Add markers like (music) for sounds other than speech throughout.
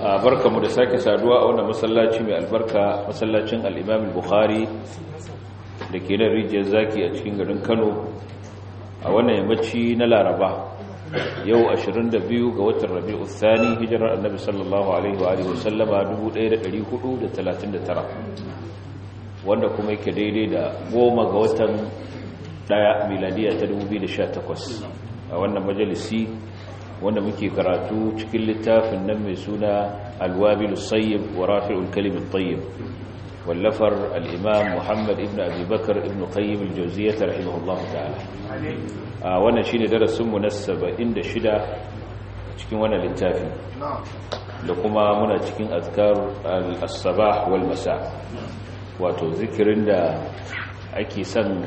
barka mu da sake saduwa a wannan masallaci mai albarka masallacin al-Imam al-Bukhari da ke nan rijiyar zaki a cikin garin Kano a wannan yammaci na Laraba yau 22 ga watan Rabi'u Thani hijirar Annabi sallallahu alaihi wa alihi wasallama 1439 wanda kuma yake daidai da goma ga watan daya miladiya ta 2018 a wannan majalisi wanda muke karatu cikin littafin nan mai suna alwabil sayyib wa rafi'ul kalim at-tayyib wallafar al-imam Muhammad ibn Abi Bakar ibn Qayyim al-Jawziyyah rahimahullahu ta'ala a ah, wannan shine darasin mu na 76 cikin wannan littafi da kuma muna cikin azkar al-sabah wal masa wato zikirin da ake son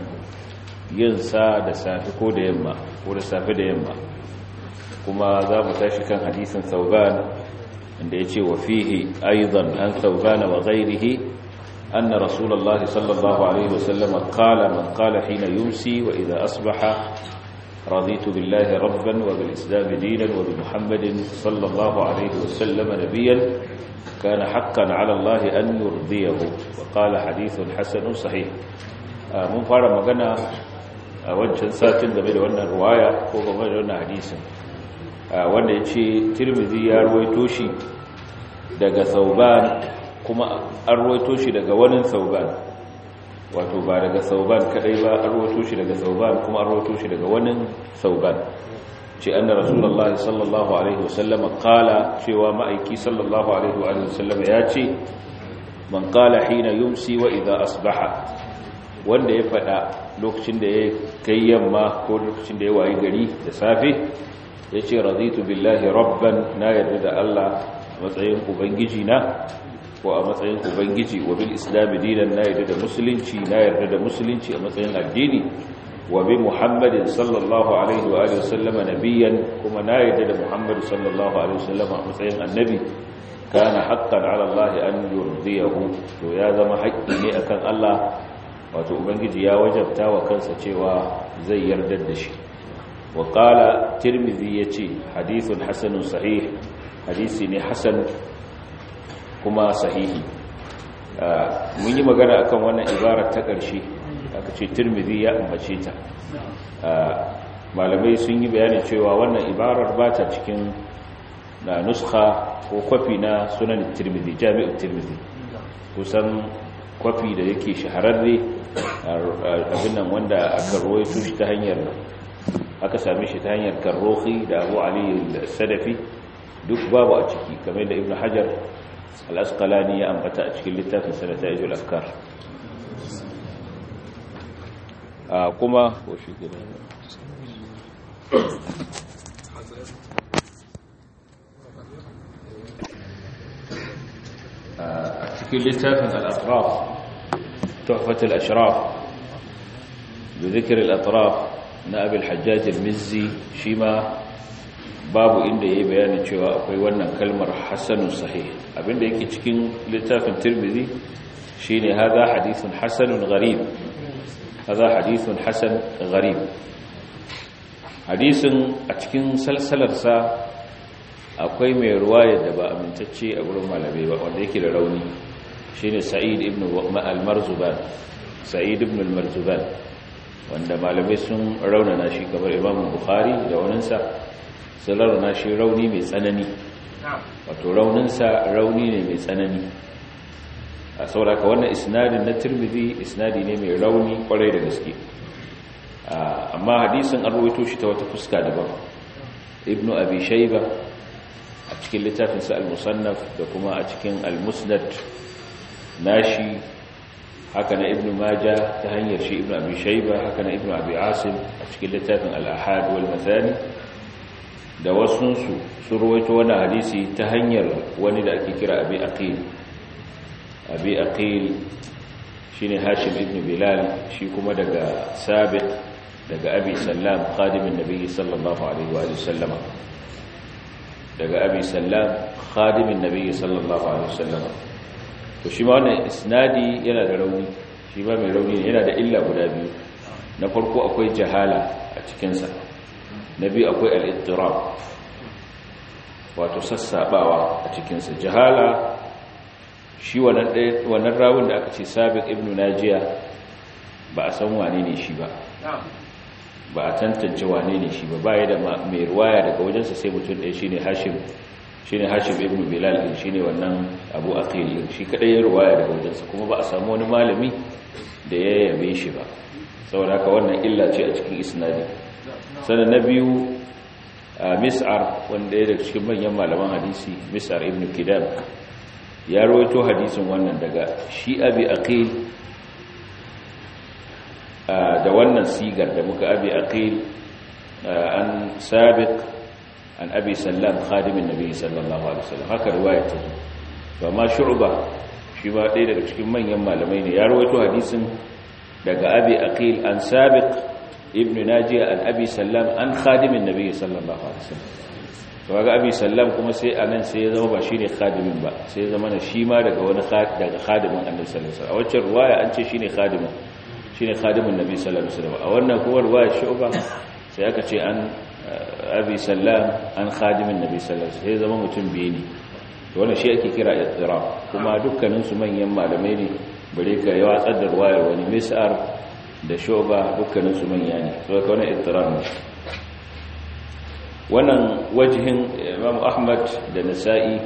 yin sa da safe ko da yamma ko da safe da yamma kuma za mu tashi kan hadisin sauban inda yace wa fihi aidan an sauban wa ghairihi anna rasulullahi sallallahu alaihi wasallam qala man qala hina yumsi wa idha asbaha raditu billahi rabban wa bil islam dinan wa bi muhammadin sallallahu alaihi wasallam وسلم kana haqqan ala allahi an yurdiyahu wa qala hadithun حسن sahih mun fara magana a wancan satin game da wannan ruwaya ko game da wannan hadisin Ah, wanda ya ce tirmizi ya ruwaito shi daga sauban kuma an ruwaito shi daga wani sauban wato ba daga sauban kadai ba an ruwaito shi daga sauban kuma an ruwaito shi daga wani sauban ce an da rasulallah sallallahu alaihi wasallama kala cewa ma'aiki sallallahu alaihi wasallama ya ce man kala hina yumsi wa idha asbaha wanda ya faɗa lokacin da ya kai yamma ko lokacin da ya wayi gari da safe ya ce raditu billahi rabban na yarda da Allah a matsayin ubangiji na ko a matsayin ubangiji wa bil islam dinan na yarda da musulunci na yarda da musulunci a matsayin addini wa bi muhammadin sallallahu alaihi wa alihi wasallama nabiyyan kuma na yarda da muhammad sallallahu alaihi wasallama a matsayin annabi kana haqqan ala Allah an yurdiyahu to ya zama haƙƙi ne akan Allah wato ubangiji ya wajabta wa kansa cewa zai yarda da shi wa tirmizi ya ce hadithun hasanun sahihi hadisi ne hasan kuma sahihi ah, mun yi magana akan wannan ibarar ta ƙarshe aka ce tirmidhi ya ambace ta ah, malamai sun yi bayanin cewa wannan ibarar ba ta cikin na nuska ko kwafi na sunan tirmidhi jami'u tirmizi kusan kwafi da yake shahararre abin nan wanda aka rawaito shi ta hanyar aka same shi ta hanyar karrohi da abu ali sadafi duk babu a ciki kamar da ibn hajar al-asqalani ya ambata a cikin littafin ta ijul afkar a kuma a cikin littafin al-asraf tuhfatul ashraf da zikirin al-atraf na abul hajjaj mizzi shi ma babu inda yayi bayanin cewa akwai wannan kalmar hasanun sahih abinda yake cikin littafin tirmidhi shi ne hadithun hasanun gharib gharib hadisin a cikin salsalarsa akwai mai ruwaya da ba amintacce a wurin malamai ba wanda yake da rauni shine sa'id ibn al-marzuban sa'id ibn al-marzuban wanda malamai sun raunana shi kamar imamun bukhari da waninsa sun raunana shi rauni mai tsanani wato rauninsa rauni ne mai tsanani a sauraka wannan isnadin na tirmidhi isnadi ne mai rauni kwarai da gaske amma hadisin an rawaito shi ta wata fuska daban ibnu abi shaiba a cikin littafinsa al-musannaf da kuma a cikin al-musnad nashi haka na ibn maja ta hanyar shi ibn abi shaiba haka na ibn abi asim a cikin littafin al-ahad wal mathani da wasunsu sun ruwaito wani hadisi ta hanyar wani da ake kira abi aqil abi aqil shine hashim ibn bilal shi kuma daga sabit daga abi sallam khadimin nabi sallallahu alaihi wa sallama daga abi sallam khadimin nabi sallallahu alaihi wa sallama to shi ma wannan isnadi yana da rauni shi ba mai rauni yana da illa guda biyu na farko akwai jahala a cikinsa na biyu akwai al'ittirab wato sassabawa a cikinsa jahala shi wannan rawun da aka ce sabiq ibn najiya ba a san wane ne shi ba ba a tantance wane ne shi ba ba ya da mai ruwaya daga wajensa sai mutum ɗaya shi ne hashim shi shine hashim ibn bilal din ne wannan abu aqil din shi kadai ya ruwaya daga wajensa kuma ba a samu wani malami da ya yabe shi ba saboda haka wannan illa ce a cikin isnadi sannan na biyu mis'ar wanda ya daga cikin manyan malaman hadisi mis'ar ibn kidab ya rawaito hadisin wannan daga shi abi aqil da wannan sigar da muka abi aqil an sabiq an abi sallam khadimin nabi sallallahu alaihi wasallam haka riwaya ta zo to amma shu'ba shi ba ɗaya daga cikin manyan malamai ne ya rawaito hadisin daga abi aqil an sabiq ibn najiya an abi sallam an khadimin nabi sallallahu alaihi wasallam to ga abi sallam kuma sai anan sai ya zama ba shine khadimin ba sai ya zama na shi ma daga wani daga khadimin annabi sallallahu alaihi wasallam a wacce riwaya an ce shine khadimin shine khadimin nabi sallallahu alaihi wasallam a wannan kuma riwaya shu'ba sai aka ce an abi sallam an khadimin nabi sallallahu alaihi wasallam zama mutum biye ne wannan shi ake kira ittirab kuma dukkanin su manyan malamai ne bare ka yi watsar da ruwayar wani mis'ar da shoba dukkanin su manya ne so ka wannan ittirab ne wannan wajihin imam ahmad da nasa'i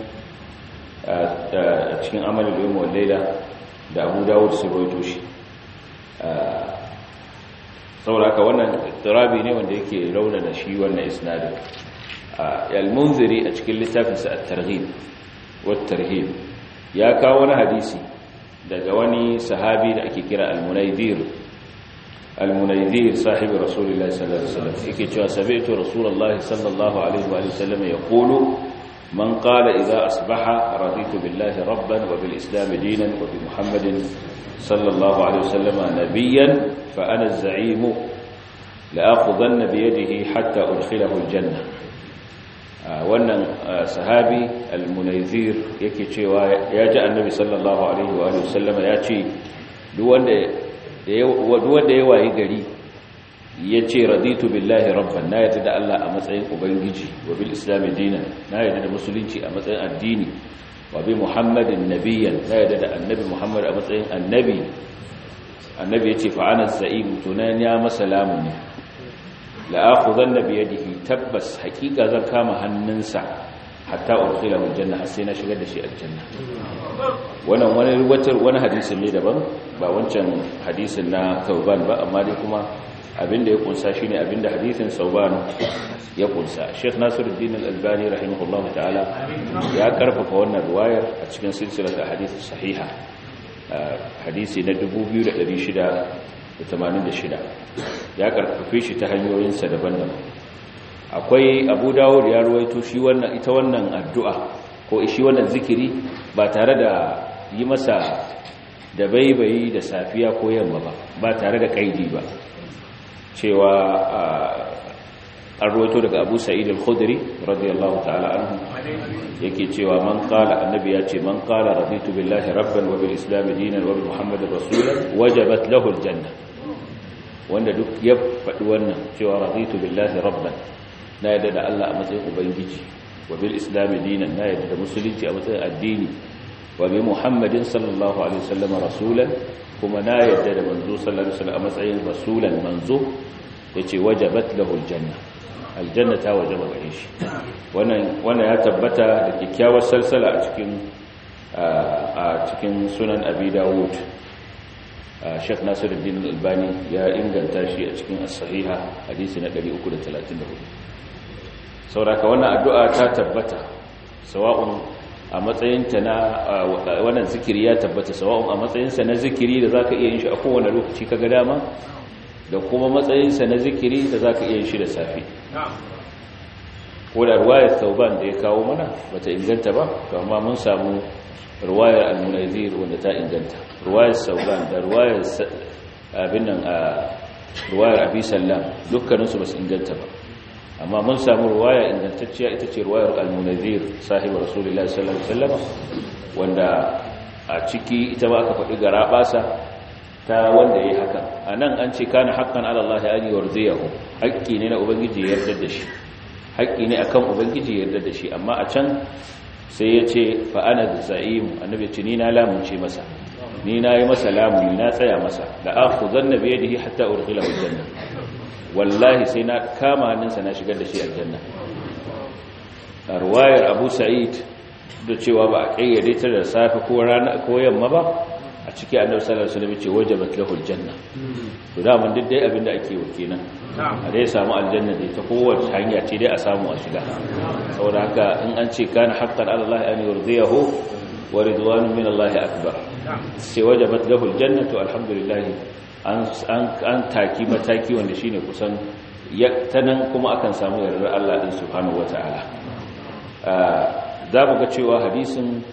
a cikin amalul yawm wal layla da abu dawud su rawaito saboda haka wannan turabi ne wanda yake raunana shi wannan isnadin al-munziri a cikin littafinsa at-targhib wat-tarhib ya kawo wani hadisi daga wani sahabi da ake kira al-munaydir al-munaydir sahibi rasulullahi sallallahu alaihi wasallam yake cewa sabi'tu rasulullahi sallallahu alaihi wa sallam yaqulu man qala idza asbaha raditu billahi rabban wa bil islam dinan wa bi muhammadin sallallahu alaihi wasallama nabiyyan fa ana az-za'im la aqudanna bi yadihi hatta udkhilahu al-janna ah, wannan ah, sahabi almunazir munayzir yake cewa ya ji annabi sallallahu alaihi ya ce duk wanda ya gari ya ce raditu billahi rabban na yadda da Allah a matsayin ubangiji wa bil islam dinan na yadda da musulunci a matsayin addini wa bi muhammadin nabiyyan na yadda da annabi muhammad a matsayin annabi annabi ya ce fa'anar za'ibu tunan ya masa lamuni la'akuzan da biyadihi tabbas hakika zan kama hannunsa hatta urkila Janna har sai na shigar da shi aljanna wannan wani wani hadisin ne daban ba wancan hadisin na kauban ba amma dai kuma abinda ya kunsa shine abinda hadisin sauban ya kunsa Sheikh Nasiruddin Al-Albani rahimahullahu ta'ala ya karfafa wannan riwayar a cikin silsilar hadith sahiha hadisi na 2686 ya karfafe shi ta hanyoyinsa daban-daban akwai Abu Dawud ya ruwaito shi wannan ita wannan addu'a ko shi wannan zikiri ba tare da yi masa da baibayi da safiya ko yamma ba ba tare da kaidi ba cewa an ruwaito daga abu sa'id al-khudri radiyallahu ta'ala anhu yake cewa man qala annabi ya ce man qala raditu billahi rabban wa bil islam dinan wa bi rasulan wajabat lahu al-janna wanda duk ya faɗi wannan cewa raditu billahi rabban na yadda da Allah a matsayin ubangiji wa bil islam dinan na yadda da musulunci a matsayin addini wa bi muhammadin sallallahu alaihi wasallam rasulan kuma na yadda da manzo sallallahu alaihi wasallam a matsayin rasulan manzo yace wajabat lahu aljanna aljanna ta wajaba gare shi wannan wannan ya tabbata da kikkiawar salsala a cikin a cikin sunan abi dawud Sheikh Nasiruddin Al-Albani ya inganta shi a cikin as-sahiha hadisi na 334 sauraka wannan addu'a ta tabbata sawa'un a matsayinta na wannan zikiri ya tabbata sawa'un a matsayinsa na zikiri da zaka iya yin shi a kowane lokaci kaga dama da kuma matsayinsa na zikiri da zaka iya yin shi da safi ko da ruwayar tauban da ya kawo mana bata inganta ba amma mun samu ruwayar al-munazir wanda ta inganta ruwayar sauban da ruwayar abin nan a ruwayar abi sallam dukkaninsu ba su inganta ba amma mun samu ruwaya ingantacciya ita ce ruwayar al-munazir sahibi rasulullahi sallallahu alaihi wasallam wanda a ciki ita ba aka faɗi gara basa ta wanda yayi haka anan an ce kana haqqan ala Allah ya yi warziyahu haƙƙi ne na ubangiji ya yarda da shi haƙƙi ne akan ubangiji ya yarda da shi amma a can sai ya ce fa ana zaimu annabi ce ni na lamunce masa ni na yi masa lamuni na tsaya masa da akhudhanna bi yadihi hatta urghilahu jannah wallahi sai na kama hannunsa na shigar da shi aljanna a ruwayar abu sa'id da cewa ba a kayyade ta da safe ko rana ko yamma ba a ciki annabi sallallahu alaihi wasallam ce wajabat lahu aljanna to da mun duk dai abin da ake wa kenan a dai samu aljanna dai ta kowace hanya ce dai a samu a shiga saboda haka in an ce kana haqqan ala Allah an yurdiyahu wa ridwanun min Allah akbar sai wajabat lahu to alhamdulillah an taki mataki wanda shine kusan ta nan kuma akan samu yardar Allah din subhanahu wata'ala za mu ga cewa hadisin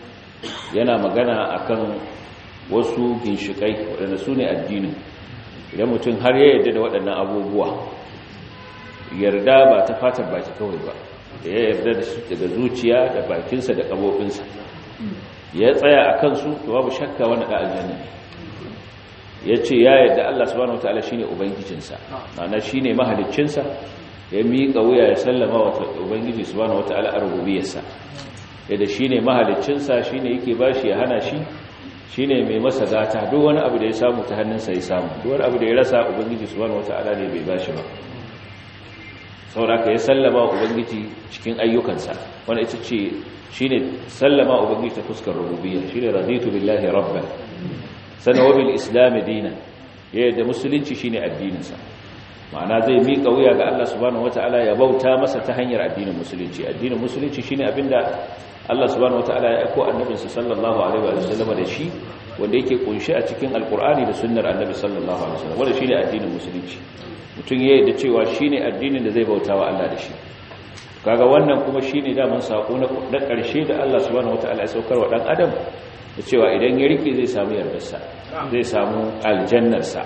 yana magana akan wasu ginshikai waɗanda su ne addinin idan mutum har ya yarda da waɗannan abubuwa yarda ba ta fatar baki kawai ba ya yarda da su daga zuciya da bakinsa da ƙabobinsa ya tsaya a kansu to babu shakka wani ɗan aljanna ya ce ya yadda Allah subhanahu wataala shine ubangijinsa ma'ana shine mahaliccinsa ya miƙa wuya ya sallama wa ubangiji subhanahu wataala a rububiyarsa yadda shine mahaliccinsa shine yake bashi ya hana shi shine mai masa zata duk wani abu da ya samu ta hannunsa ya samu duk wani abu da ya rasa ubangiji subhanahu wataala ne bai bashi ba sauraka ya sallama ubangiji cikin ayyukansa wani ita ce shi ne sallama ubangiji ta fuskar shi ne raditu billahi rabba wa sanawabil islam dinan ya da musulunci shine addininsa ma'ana zai miƙa wuya ga Allah subhanahu wataala ya bauta masa ta hanyar addinin musulunci addinin musulunci shine abinda Allah subhanahu wataala ya aiko annabinsa sallallahu alaihi wa sallam da shi wanda yake kunshi a cikin alqur'ani da sunnar annabi sallallahu alaihi wa sallam wanda shine addinin musulunci mutum ya da cewa shine addinin da zai bauta wa Allah da shi kaga wannan kuma shine daman sako na ƙarshe da Allah subhanahu wataala ya saukar wa dan adam da cewa idan ya rike zai samu yardarsa zai samu aljannarsa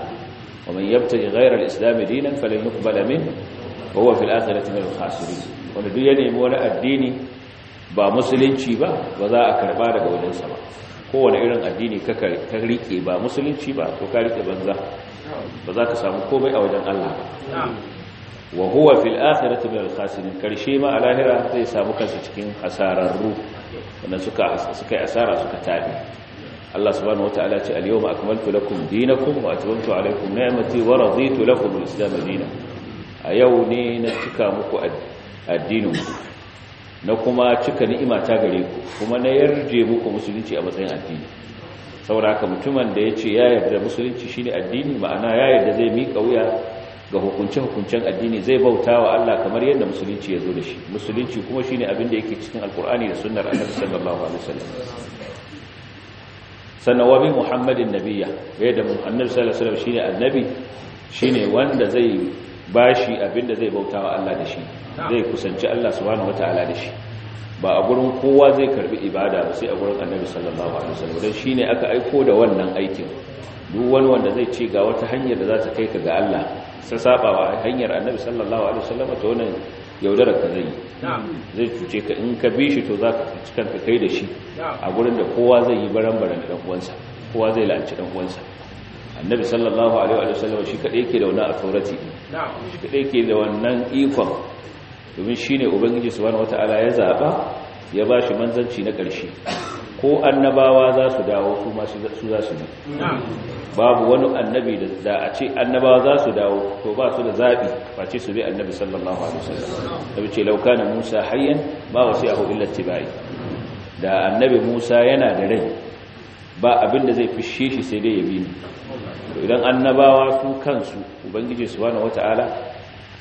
wa man yabtaji ghayra al-islam dinan falan yuqbala min wa huwa fil akhirati min al-khasirin wanda duk ya nemi wani addini ba musulunci ba ba za a karba daga sa ba kowane irin addini ka rike ba musulunci ba to ka rike banza ba za ka samu komai a wajen Allah ba wa huwa fil akhirati min khasirin karshe ma a lahira zai samu kansa cikin hasararru wannan suka suka yi asara suka tabi Allah subhanahu wataala ce al-yawma akmaltu lakum dinakum wa atmamtu alaykum ni'mati wa raditu lakum al-islam dinan a yau ne na cika muku addinin ku na kuma cika ni'ima ta gare ku kuma na yarje muku musulunci a matsayin addini saboda haka mutumin da yace ya yarda musulunci shine addini ma'ana ya yarda zai mika wuya ga hukunce-hukuncen addini zai bauta wa Allah kamar yadda musulunci ya zo da shi musulunci kuma shi ne abinda yake cikin alkur'ani da sunnar annabi sallallahu alaihi wasallam sanawabi muhammadin Nabiya, nabiyya da annabi sallallahu alaihi wasallam shine shi ne wanda zai bashi abin da zai bauta wa Allah da shi zai kusanci Allah subhanahu wataala da shi ba a gurin kowa zai karbi ibada ba sai a gurin annabi sallallahu alaihi wasallam dan ne aka aiko da wannan aikin duk wani wanda zai ce ga wata hanyar da za ta kai ka ga Allah sa sabawa hanyar annabi sallallahu alaihi wasallam to wannan yaudara ka zai zai cuce ka in ka bi shi to za ka ci kanka kai da shi a gurin da kowa zai yi baran-baran da uwansa kowa zai la'anci dan uwansa annabi sallallahu alaihi wasallam shi kadai yake da wannan authority shi kadai yake da wannan ikon domin shine ubangiji subhanahu wataala ya zaba ya bashi manzanci na ƙarshe ko annabawa za su dawo su masu za su ne babu wani annabi da a ce annabawa za su dawo to ba su da zaɓi ba ce su bi annabi sallallahu alaihi wasallam da ce lauka na musa hayyan ba wasu yahu illar tibai da annabi musa yana da rai ba abin da zai fishe shi sai dai ya bi ni idan annabawa su kansu ubangiji subhanahu wata'ala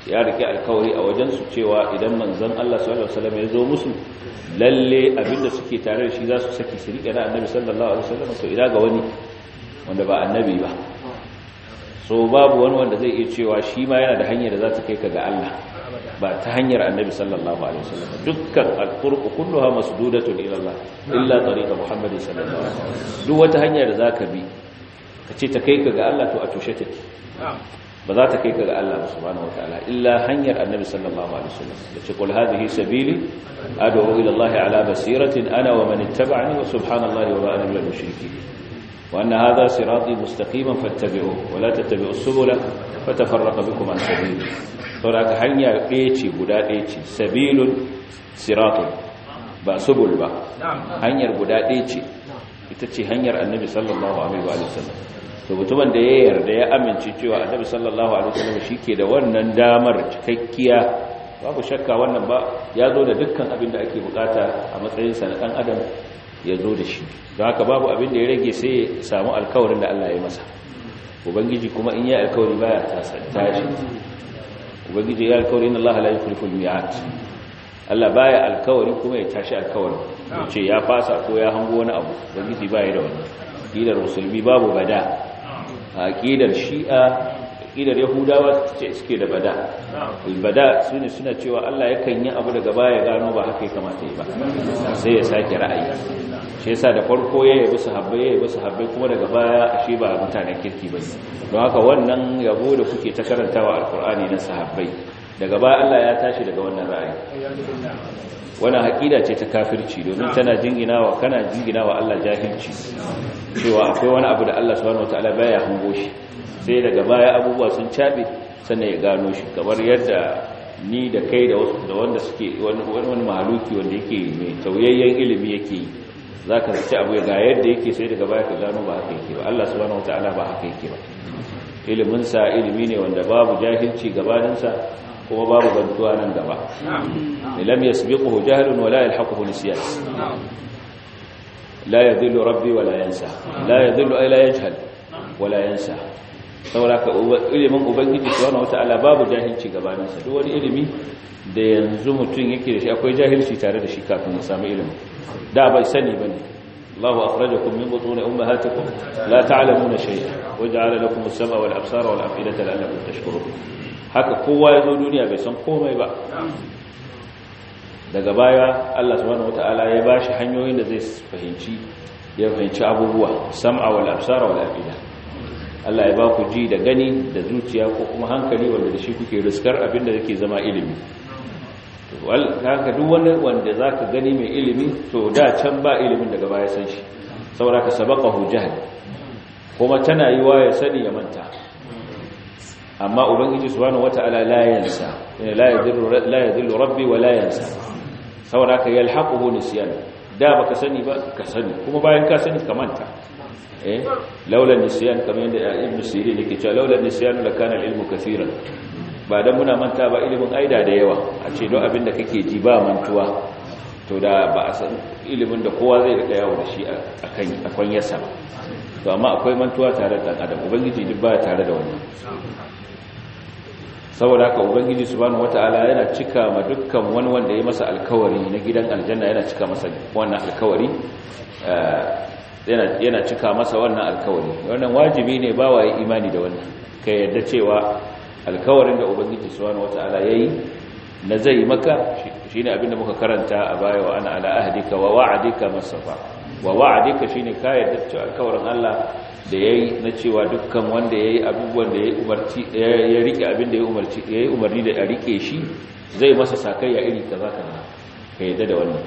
ya rike alkawari a wajensu cewa idan manzon Allah sallallahu alaihi wasallam ya zo musu lalle abinda suke tare da shi za su saki su rike na annabi sallallahu alaihi wasallam so ina ga wani wanda ba annabi ba so babu wani wanda zai iya cewa shi ma yana da hanyar da za ta kai ka ga Allah ba ta hanyar annabi sallallahu alaihi wasallam dukkan alqur'u kulluha masdudatun ila Allah illa tariqa muhammadin sallallahu alaihi wasallam duk wata hanyar da za ka bi ka ce ta kai ka ga Allah to a tushe take ba za ta kai ka ga Allah subhanahu wataala illa hanyar annabi sallallahu alaihi wasallam yace kul hadhihi sabili ad'u ila Allah ala basiratin ana wa man ittaba'ani wa subhanallahi wa ana minal mushrikeen wa anna hadha sirati mustaqiman fattabi'uhu wa la tattabi'us subula fatafarraqa bikum an sabili to da hanya ɗaya ce guda ɗaya ce sabilun siratun ba subul ba hanyar guda ɗaya ce ita ce hanyar annabi sallallahu alaihi wasallam to mutumin da ya yarda ya amince cewa annabi sallallahu alaihi wasallam shike da wannan damar cikakkiya babu shakka wannan ba ya zo da dukkan abin da ake bukata a matsayin sa na dan adam ya zo da shi don haka babu abin da ya rage sai ya samu alkawarin da Allah ya masa ubangiji kuma in ya alkawari baya shi ubangiji ya alkawari inna Allah la yukhlifu al-mi'at Allah baya alkawari kuma ya tashi alkawari ya ce ya fasa ko ya hango wani abu ubangiji baya da wannan dinar musulmi babu bada a aƙidar shi'a ƙidar yahudawa ce suke da bada bada sune suna cewa Allah yakan yi abu daga baya gano ba haka kamata yi ba sai ya sake ra'ayi shi yasa da farko ya yabi sahabbai ya yabi sahabbai kuma daga baya ashe ba mutanen kirki ba don haka wannan yabo da kuke ta karantawa alkur'ani na sahabbai daga baya Allah ya tashi daga wannan ra'ayi wani haƙida ce ta kafirci domin tana jinginawa kana jinginawa Allah jahilci cewa akwai wani abu da Allah subhanahu wataala baya hango shi sai daga baya abubuwa sun cabe sannan ya gano shi kamar yadda ni da kai da wasu da wanda suke wani mahaluki wanda yake mai tauyayyen ilimi yake yi zaka ci abu ga yadda yake sai daga baya ka gano ba haka yake ba Allah subhanahu wataala ba haka yake ba ilimin sa ilimi ne wanda babu jahilci gabaninsa kuma babu bantuwa nan gaba lam yasbiquhu jahlun wala yalhaquhu nisyan la yadhillu rabbi wala yansa la yadhillu ay la yajhal wala yansa saboda ilimin ubangiji subhanahu wataala babu jahilci gabanin sa duk wani ilimi da yanzu mutun yake da shi akwai jahilci tare da shi kafin ya samu ilimi da bai sani bane الله أخرجكم من بطون أمهاتكم لا تعلمون شيئا وجعل لكم السمع والأبصار والأفئدة لأنكم تشكرون haka kowa ya zo duniya bai san komai ba daga baya Allah subhanahu wataala ya bashi hanyoyin da zai fahimci ya fahimci abubuwa sam'a wal absar wal afida Allah ya ba ku ji da gani da zuciya ko kuma hankali wanda da shi kuke riskar abin da yake zama ilimi haka duk wani wanda zaka gani mai ilimi to da can ba ilimin daga baya san shi saboda ka sabaqahu jahl kuma tana yiwa ya sani ya manta amma ubangiji subhanahu wataala la yansa la yadhillu la yadhillu rabbi wa la yansa saboda haka yalhaquhu nisyan da baka sani ba ka sani kuma bayan ka sani ka manta eh laula nisyan kamar yadda ibnu sirin yake cewa laula nisyan la kana ilmu kaseeran ba dan muna manta ba ilimin aida da yawa a ce don abin da kake ji ba mantuwa to da ba a san ilimin da kowa zai rika yawo da shi a kan akwai yasa ba to amma akwai mantuwa tare da dan adam ubangiji duk ba tare da wani. saboda haka ubangiji subhanahu wataala yana cika ma dukkan wani wanda ya masa alkawari na gidan aljanna yana cika masa wannan alkawari eh, yana yana cika masa wannan alkawari wannan wajibi ne ba yi imani da wannan kai yadda cewa alkawarin da ubangiji subhanahu wataala yayi na zai maka shine abinda muka karanta a baya wa ana ala ahdika wa wa'adika masafa wa wa'adika shine ka yadda cewa alkawarin Allah da ya yi na cewa dukkan wanda ya yi abubuwan da ya rike abin da ya yi umarni da ya rike shi zai masa sakayya iri ta za ka yadda da wannan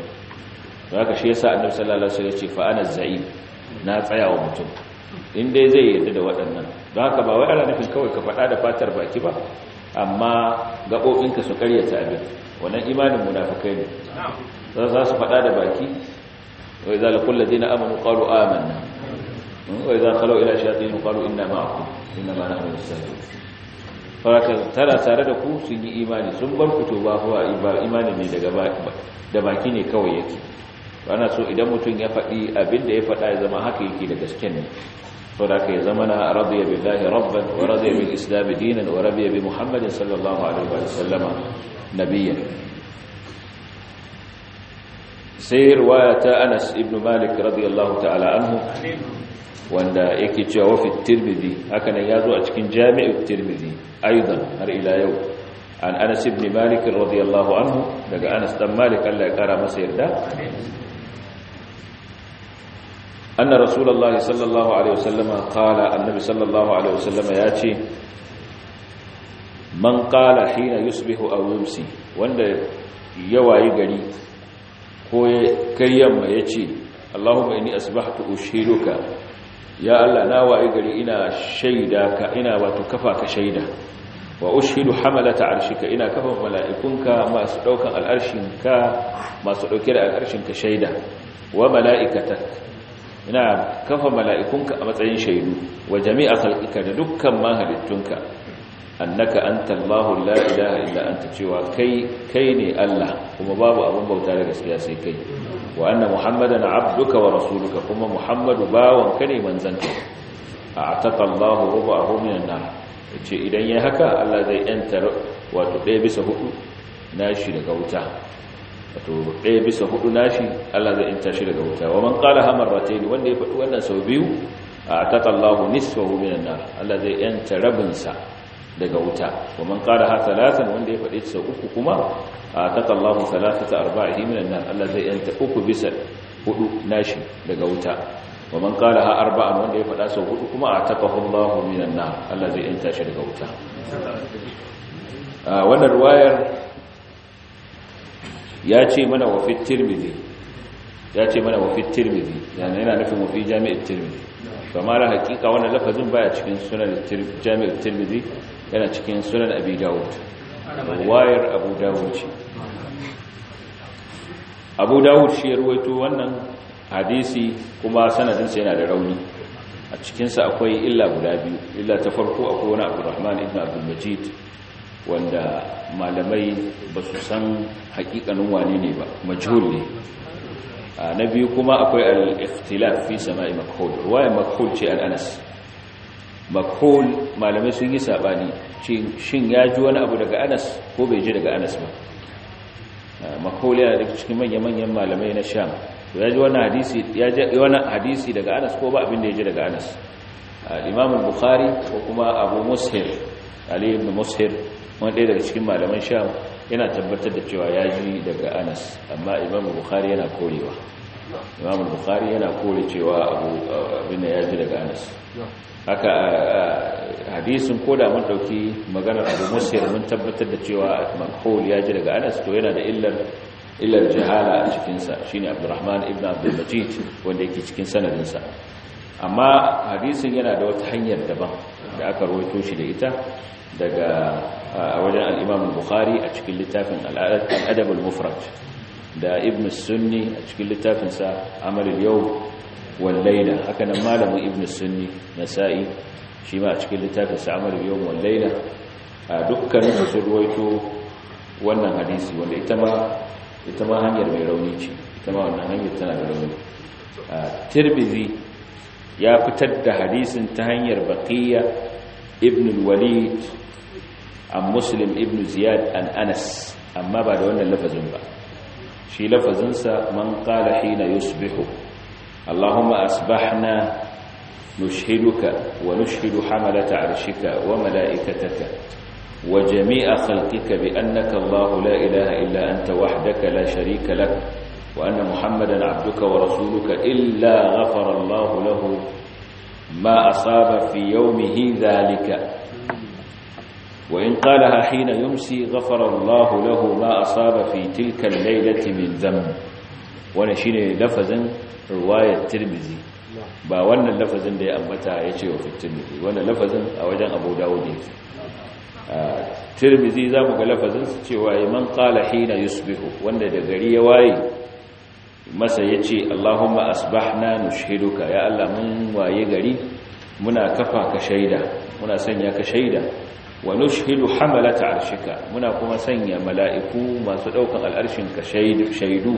za ka shi ya sa annabi sallallahu alaihi wasallam ya ce fa'ana za'i na tsaya wa mutum in dai zai yadda da waɗannan don haka ba wai ana nufin kawai ka faɗa da fatar baki ba amma ka su ta abin wannan imanin munafukai ne za su faɗa da baki wai zalikun lazina amanu qalu amanna وإذا خلوا إلى شياطين قالوا إنا معكم إنما نحن مستهزئون faraka tara tare da ku sun yi imani sun bar ku to ba huwa imani ne da baki ne kawai yake ana so idan mutum ya faɗi abin da ya faɗa ya zama haka yake da gaske ne to da ka ya zama na radiya billahi rabban wa radiya bil islam dinan wa muhammadin sallallahu alaihi wa sallama nabiyyan sai riwaya ta Anas ibnu Malik radiyallahu ta'ala anhu wanda yake cewa wafi tirmidhi haka nan ya zo a cikin jami'u tirmidhi aidan har ila yau an anas ibn malik radiyallahu anhu daga anas dan malik Allah ya kara masa yarda anna rasulullahi sallallahu alaihi wasallama qala annabi sallallahu alaihi wasallama yace man qala hina yusbihu aw yumsi wanda yawayi gari ko yamma yace allahumma inni asbahtu ushiduka ya Allah na waye gari ina shaida ka ina wato kafa ka shaida wa ushidu hamalata arshika ina kafa mala'ikunka masu daukan al'arshinka masu dauke da al'arshinka shaida wa mala'ikatak ina kafa mala'ikunka a matsayin shaidu wa jami'a khalqika da dukkan mahalittunka annaka anta Allahu la ilaha illa anta cewa kai kai ne Allah kuma babu abun bauta da gaskiya sai kai wa anna muhammadan abduka wa rasuluka kuma muhammadu bawanka ne manzanka a ataka Allahu a minan nar yace idan ya haka Allah zai yanta wato ɗaya bisa hudu nashi daga wuta wato ɗaya bisa hudu nashi Allah zai yanta shi daga wuta wa man qala ha marratayn wanda ya faɗi wannan sau biyu a ataka Allahu nisfahu minan nar Allah zai yanta rabinsa daga wuta kuma man qala ha salatan wanda ya faɗi sau uku kuma atakallahu salatata arba'ihi minan nar Allah zai yanta uku bisa hudu nashi daga wuta wa man qala ha arba'an wanda ya faɗa sau hudu kuma atakallahu minan nar Allah zai yanta shi daga wuta wannan ruwayar ya ce mana wa fi tirmidhi ya ce mana wa fi tirmidhi yana yana nufin wa fi jami'at tirmidhi kamar hakika wannan lafazin baya cikin sunan jami'at tirmidhi yana cikin sunan abu dawud wayar abu dawud ce abu dawud shi ya ruwaito wannan hadisi kuma sanadinsa yana da rauni a cikinsa akwai illa guda biyu illa ta farko akwai wani abdurrahman ibn abdulmajid wanda malamai ba su san hakikanin wane ne ba majhul ne na biyu kuma akwai al-ikhtilaf fi sama'i makhul ruwayar makhul ce al-anas makhul malamai sun yi sabani shin ya ji wani abu daga anas ko bai ji daga anas ba ah, makhul yana daga cikin manya-manyan malamai na sham ya ji wani hadisi ya ji wani hadisi daga anas ko ba abin da ya ji daga anas al-imam ah, bukhari ko kuma abu mushir ali ibn mushir wani ɗaya daga cikin malaman sham yana tabbatar da cewa ya ji daga anas amma imam bukhari yana korewa imam bukhari yana kore cewa abu ah, abin da ya ji daga anas haka hadisin ko da mun dauki maganar abu musir mun tabbatar da cewa manhul ya ji daga anas to yana da illar illar jahala a cikinsa shine abdurrahman ibn abdul majid wanda yake cikin sanadinsa amma hadisin yana da wata hanyar daban da aka rawaito shi da ita daga wajen al-imam bukhari a cikin littafin al-adab al-mufrad da ibn sunni a cikin littafin amal al-yawm wallaila haka nan malamin ibn sunni nasa'i shi ma a cikin littafin sa'amar yawon wallaila a dukkanin su sun ruwaito wannan hadisi wanda ita ma ita ma hanyar mai rauni ce ita ma wannan hanyar tana da rauni a tirbizi ya fitar da hadisin ta hanyar baqiya ibn walid an muslim ibn ziyad an anas amma ba da wannan lafazin ba shi lafazinsa man qala hina yusbihu اللهم أصبحنا نشهدك ونشهد حملة عرشك وملائكتك وجميع خلقك بأنك الله لا إله إلا أنت وحدك لا شريك لك وأن محمدا عبدك ورسولك إلا غفر الله له ما أصاب في يومه ذلك وإن قالها حين يمسي غفر الله له ما أصاب في تلك الليلة من ذنب wani shi ne lafazin ruwayar tirbizi ba wannan lafazin da ya ambata ya ce wa tirmizi wannan lafazin a wajen abu dawudi ne ah, tirbizi za mu ga lafazin su cewa iman qala hina yusbihu wanda da gari ya waye masa ya ce allahumma asbahna nushiduka ya allah mun waye gari muna kafa ka shaida muna sanya ka shaida wa nushhidu hamalata arshika muna kuma sanya mala'iku masu daukan al'arshinka shaidu shaidu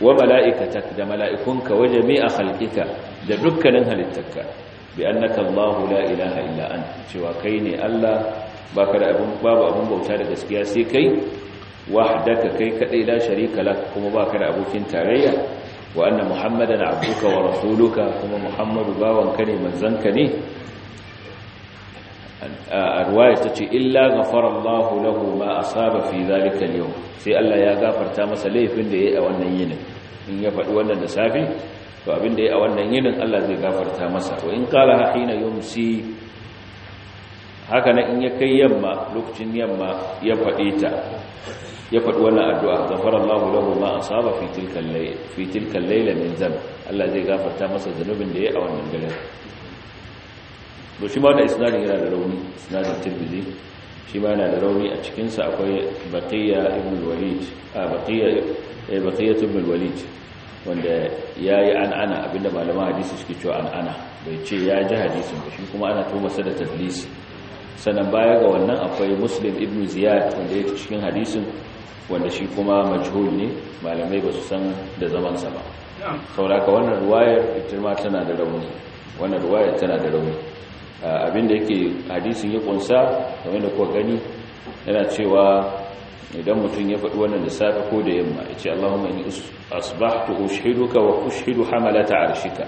wa mala'ikatak da mala'ikunka wa jami'a khalqika da dukkanin halittaka bi annaka Allahu la ilaha illa an cewa kai ne Allah baka da abun babu abun bauta da gaskiya sai kai wahdaka kai kadai la sharika lak kuma baka da abokin tarayya wa anna muhammadan abduka wa rasuluka kuma muhammadu bawanka ne manzanka ne arwaya ta ce illa ghafarallahu lahu ma asaba fi zalika al-yawm sai Allah ya gafarta masa laifin da yayi a wannan yinin in ya faɗi wannan da safi to abin da yayi a wannan yinin Allah zai gafarta masa wa in qala hina yumsi haka na in ya kai yamma lokacin yamma ya faɗi ta ya faɗi wannan addu'a ghafarallahu lahu ma asaba fi tilka al-layl Allah zai gafarta masa zanubin da yayi a wannan dare to shi ma da isnadin yana da rauni isnadin tirmidhi shi ma yana da rauni a cikin sa akwai baqiya ibn walid a baqiya eh, baqiya ibn walid wanda yayi an ana abinda malaman hadisi suke cewa an ana bai ce ya ji hadisin ba shi kuma ana tuma sa da tadlisi sannan baya ga wannan akwai muslim ibn ziyad wanda yake cikin hadisin wanda shi kuma majhul ne malamai ba su san da zamansa ba sauraka wannan ruwayar ita ma tana da rauni wannan ruwayar tana da rauni Eh, abinda yake hadisin ya kunsa kamar da kuwa gani yana cewa idan mutum ya faɗi wannan da safe ko da yamma ya ce Allahumma inni asbahtu ushiduka wa ushidu hamalata arshika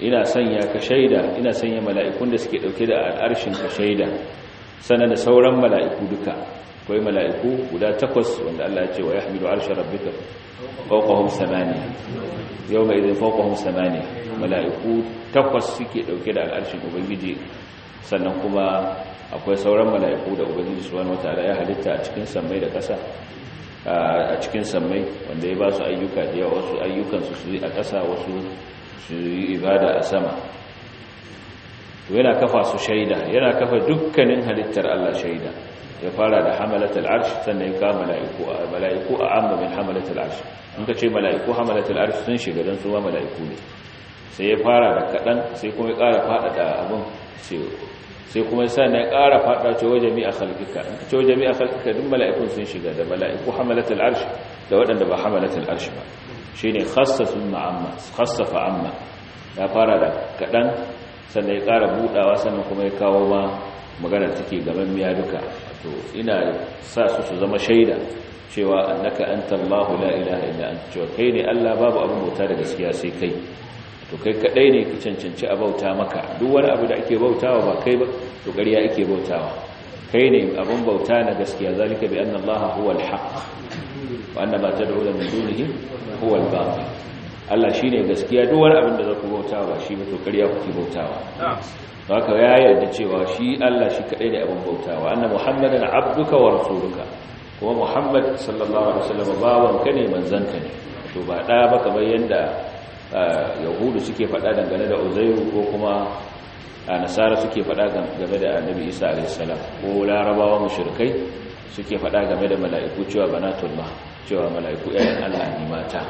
ina sanya ka shaida ina sanya mala'ikun da suke ɗauke da al'arshin ka shaida sannan da sauran mala'iku duka akwai mala'iku guda takwas wanda Allah ya ce wa yahmilu arsha rabbika samani yau mai zai fawqahum samani mala'iku takwas suke dauke da al'arshin ubangiji sannan kuma akwai sauran mala'iku da ubangiji wani wata ya halitta a cikin sammai da ƙasa a cikin sammai wanda ya ba su ayyuka da yawa wasu ayyukansu su yi a ƙasa wasu su yi ibada a sama yana kafa su shaida yana kafa dukkanin halittar Allah shaida ya fara da hamalatul arsh sannan ya kama mala'iku mala'iku a amma min hamalatul arsh in ka ce mala'iku hamalatul arsh sun shiga dan su ma mala'iku ne sai ya fara da kadan sai kuma ya ƙara fada da abun sai kuma sai ya ƙara fada cewa wajen a khalqika in ka ce wajen a khalqika duk mala'iku sun shiga da mala'iku hamalatul arsh da wadanda ba hamalatul arsh ba shine khassasun ma'amma khassafa amma ya fara da kadan sannan ya ƙara budawa sannan kuma ya kawo ma magana take gaban miya duka to ina sa su su zama shaida cewa annaka antallahu la ilaha illa anta cewa kai ne Allah babu abin bauta da gaskiya sai kai to kai kadai ne ka cancanci a bauta maka duk wani abu da ake bautawa ba kai ba to ƙarya ake bautawa kai ne abin bauta na gaskiya zalika bi anna Allah huwa al-haq wa anna ma tad'u min dunihi huwa al Allah shi ne gaskiya duk abin da za ku bautawa shi ba to bauta kuke bautawa ka ya yarda cewa shi Allah shi kaɗai ne abin bautawa anna na abduka wa rasuluka kuma muhammad sallallahu alaihi wasallam bawan ka ne manzon ka ne to ba ɗaya ba kamar yadda yahudu suke faɗa dangane da uzairu ko kuma a nasara suke faɗa game da annabi isa alaihissalam ko larabawa mushrikai suke faɗa game da mala'iku cewa banatullah cewa mala'iku ƴaƴan Allah ne mata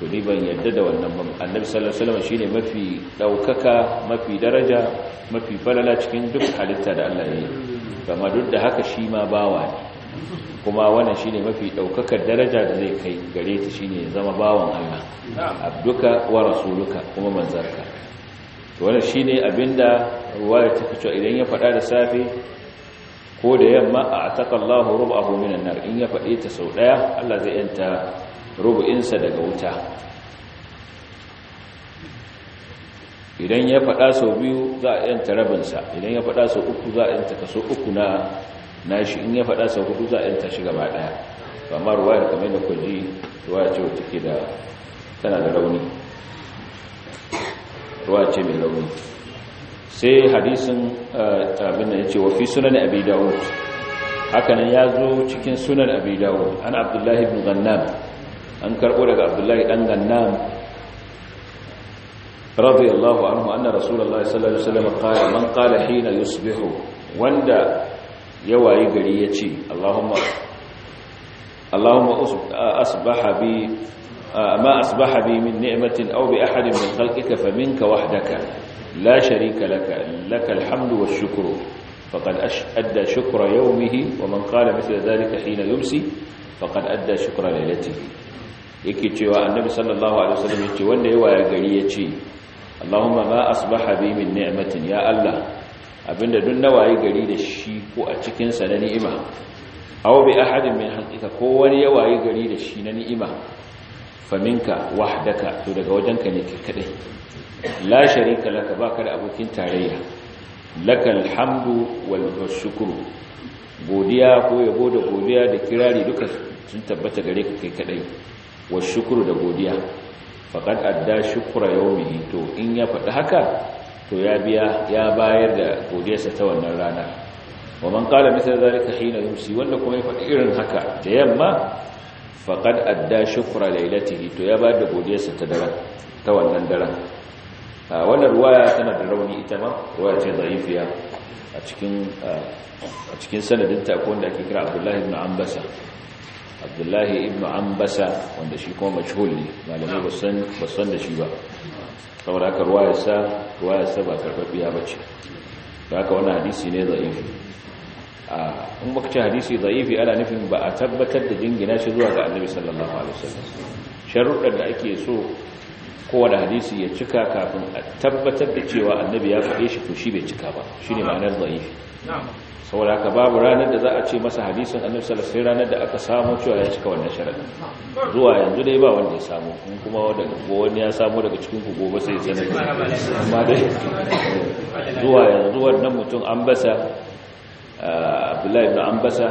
to ni ban yadda da wannan ba annabi sallallahu alaihi wasallam shine mafi daukaka mafi daraja mafi falala cikin duk halitta da Allah ya yi duk da haka shi ma bawa ne kuma wannan shine mafi daukakar daraja da zai kai gare ta shine zama bawan Allah abduka wa rasuluka kuma manzarka to wannan shine abinda ruwaya ta fito idan ya faɗa da safe ko da yamma a ataqallahu rubahu minan nar in ya faɗe ta sau daya Allah zai yanta rubu'insa daga wuta idan ya faɗa sau biyu za a yanta rabinsa idan ya faɗa sau uku za a yanta kaso uku na nashi in ya faɗa sau hudu za a yanta shi gaba ɗaya amma ya kamar da kwaji ruwa ce wata ke da tana da rauni Ruwa ce mai rauni sai hadisin eh, abin da ya ce wafi sunan abi dawud hakanan ya zo cikin sunan abi dawud Ana abdullahi ibn gannan an karbo daga abdullahi dan gannam radiyallahu anhu anna rasulullahi sallallahu alaihi wasallam qala man qala hina yusbihu wanda ya wayi gari yace allahumma allahumma asbaha bi ma asbaha bi min ni'matin aw bi ahadin min khalqika faminka wahdaka la sharika laka lakal hamdu wash shukru faqad adda shukra yawmihi wa man qala mithla dhalika hina yumsi faqad adda shukra laylatihi yake cewa annabi sallallahu alaihi wasallam yace wanda ya waya gari yace Allahumma ma asbaha bi min ni'matin ya Allah abinda duk nawayi gari da shi ko a cikin sa na ni'ima aw bi ahadin min haqqika ko wani ya waya gari da shi na ni'ima faminka wahdaka to daga wajenka ne ke kadai la sharika laka baka da abokin tarayya lakal hamdu wal shukru godiya ko yabo da godiya da kirari duka sun tabbata gare ka kai kadai wa shukuru da godiya faƙad adda shukura yawmihi to in ya faɗi haka to ya biya ya bayar da godiyarsa ta wannan rana wa man qala ka zalika hina yusi wanda kuma ya faɗi irin haka da yamma faqad adda shukra laylatihi to ya bayar da godiyarsa ta daren ta wannan daren wannan ruwaya tana da rauni ita ma ruwaya ce da'ifiya a cikin a cikin sanadinta ko wanda ake kira Abdullah ibn Ambasa abdullahi ibn ambasa wanda shi kuma majhul ne malamai ba san da shi ba saboda haka ruwayarsa ruwayarsa ba karfafiya ba ce da haka wani hadisi ne za'ifi a in baka ce hadisi za'ifi ana nufin ba a tabbatar da jingina shi zuwa ga annabi sallallahu alaihi wasallam sharuɗan da ake so kowane hadisi ya cika kafin a tabbatar da cewa annabi ya faɗe shi to shi bai cika ba shine ma'anar za'ifi saboda haka babu ranar da za a ce masa hadisin annabi sallallahu alaihi ranar da aka samu cewa ya cika wannan sharadin zuwa yanzu dai ba wanda ya samu kun kuma daga wani ya samu daga cikin ku gobe sai sanar amma dai zuwa yanzu wannan mutum an basa ah, abdullahi ibn an basa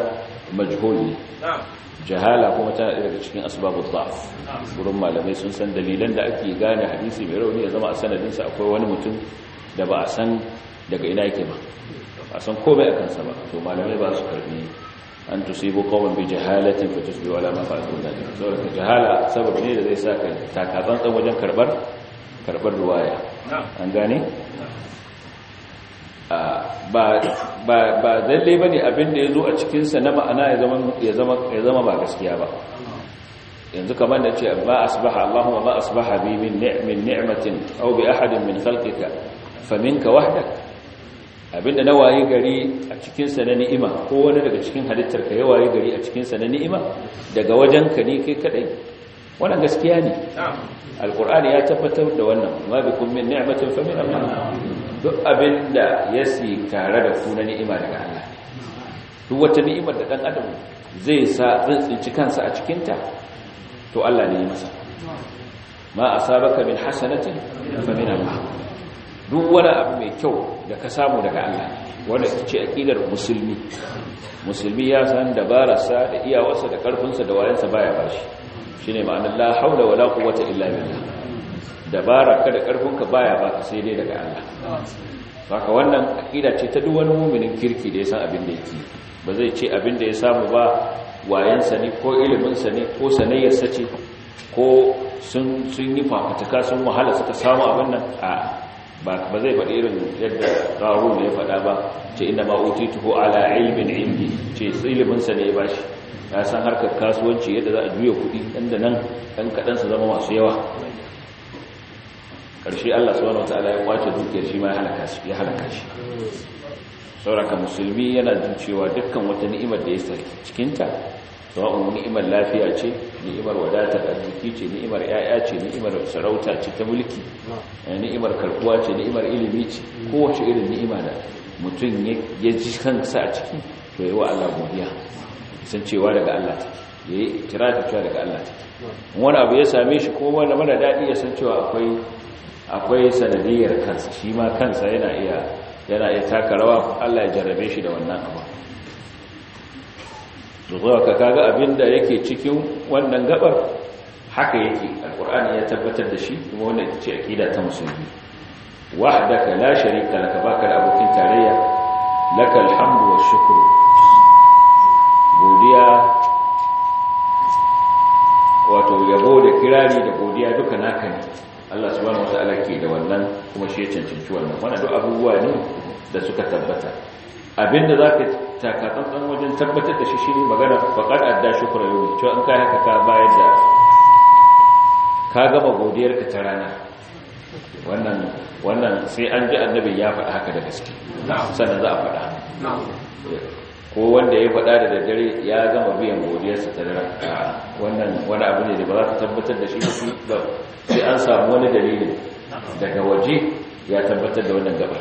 majhuli jahala kuma tana daga cikin asbabul dhaf gurin malamai sun san dalilan da ake gane hadisi mai rauni ya zama a sanadinsa akwai wani mutum da ba a san daga ina yake ba ba san komai a kansa ba to malamai ba su karbi an tusibu qawman bi jahalatin fa tusbihu ala ma fa'alu nadir saboda jahala sababi ne da zai saka takatsantsan wajen karbar karbar ruwaya an gane ba zalle ba ne abinda ya zo a cikinsa na ma'ana ya zama ba gaskiya ba yanzu kamar da ce ba asbaha allahu ba asbaha bi min ni'matin aw bi ahadin min khalqika faminka wahdak abinda na waye gari a cikinsa na ni'ima ko wani daga cikin halittar ka ya waye gari a cikinsa na ni'ima daga wajen ka ne kai kadai wannan gaskiya ne alkur'ani ya tabbatar da wannan ma bi kum min ni'matin fa min Allah duk abinda ya si tare da sunan na ni'ima daga Allah duk wata ni'imar da dan adam zai sa tsinci kansa a cikinta to Allah ne ya masa ma asabaka min hasanatin fa min Allah duk wani abu mai kyau da ka samu daga Allah wanda ita ce aqidar musulmi musulmi ya san dabararsa da iyawarsa da karfinsa da wayansa baya bashi shine ma'anar la haula wala quwwata illa billah ka da karfinka baya baka sai dai daga Allah saka wannan aqida ce ta duk wani mu'minin kirki da ya san abin da yake ba zai ce abin da ya samu ba wayansa ne ko iliminsa ne ko sanayyarsa ce ko sun yi fafatuka sun wahala suka samu abin nan a ba zai faɗi irin yadda ƙarun ya faɗa ba ce inda ma tuho ala ilimin indi ce sa ne ya bashi ya san harkar kasuwanci yadda za a juya kuɗi ɗan da nan ɗan kaɗan su zama masu yawa ƙarshe allah wani wataala ya kwace dukiyar shi ma ya halaka shi sauraka musulmi yana jin cewa dukkan wata ni'imar da ya sarki cikinta sawa'un ni'imar lafiya ce ni'imar wadatar arziki ce ni'imar yaya ce ni'imar sarauta ce ta mulki eh, ni'imar karbuwa ce ni'imar ilimi ce kowace irin ni'ima da mutum ya ji kansa a ciki to yi wa Allah godiya san cewa daga Allah take ya yi ikirata cewa daga Allah take wani abu ya same shi ko wani mara daɗi ya san cewa akwai akwai sanadiyar kansa shi ma kansa yana iya yana iya taka rawa Allah ya jarrabe shi da wannan abu zuwa ka kaga abinda yake cikin wannan gabar haka yake alqur'ani ya tabbatar da shi kuma wannan ce akida ta musulmi wahdaka la sharika laka baka da abokin tarayya lakal hamdu wa shukru godiya wato yabo da kirari da godiya duka naka ne Allah subhanahu wataala ke da wannan kuma shi ya cancanci wannan wannan duk abubuwa ne da suka tabbata abinda za ka takatsantsan wajen tabbatar da shi shi ne magana faƙar adda shukura yau cewa in ka haka ka bayar da ka gama godiyarka ta rana wannan wannan sai an ji annabi ya faɗa haka da gaske sannan za a faɗa ko wanda ya faɗa da daddare ya gama biyan godiyarsa ta dare wannan wani abu ne da ba za ka tabbatar da shi sai an samu wani dalili daga waje ya tabbatar da wannan gaba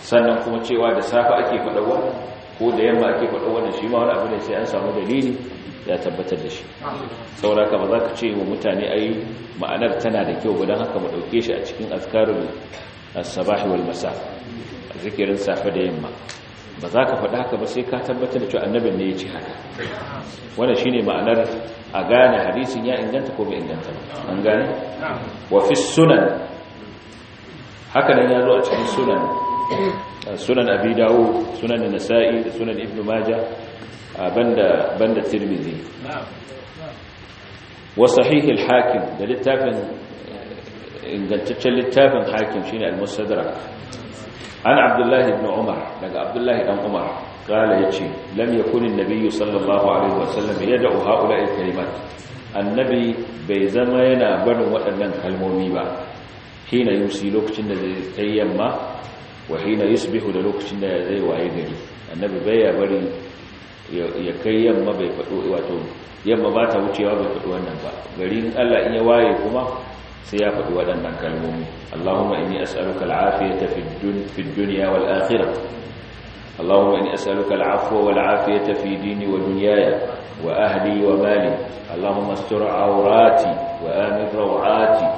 sannan kuma cewa da safe ake faɗa wannan ko da yamma ake faɗa da shi ma wani abu ne sai an samu dalili ya tabbatar da shi sauraka ba za ka ce wa mutane ai ma'anar tana da kyau gudan haka mu ɗauke shi a cikin azkarul as-sabah wal masa zikirin safe da yamma ba za ka faɗa haka ba sai ka tabbatar da cewa annabin ne ya ce haka wannan shine ma'anar a gane hadisin ya inganta ko bai inganta ba an gane wa fi sunan haka nan ya zo a cikin sunan sunan abi dawo sunan nasa'i da sunan ibn maja banda banda tirmidhi wa sahih al-hakim da littafin ingantaccen littafin hakim shine al an abdullah ibn umar daga abdullah ibn umar kala yace lam yakun an-nabiy sallallahu alaihi wasallam yad'u ha'ula'i kalimat annabi bai zama yana barin waɗannan kalmomi ba hina yusi lokacin da zai yamma wa yusbihu da lokacin da zai waye gari annabi bai ya bari ya kai yamma bai faɗo wato yamma ba ta wucewa bai faɗo wannan ba garin Allah in ya waye kuma sai ya faɗi waɗannan kalmomi Allahumma inni as'aluka al'afiyata fid dunya wal akhirah Allahumma inni as'aluka al'afwa wal afiyata fi dini wa dunyaya wa ahli wa mali Allahumma astur awrati wa amin rawati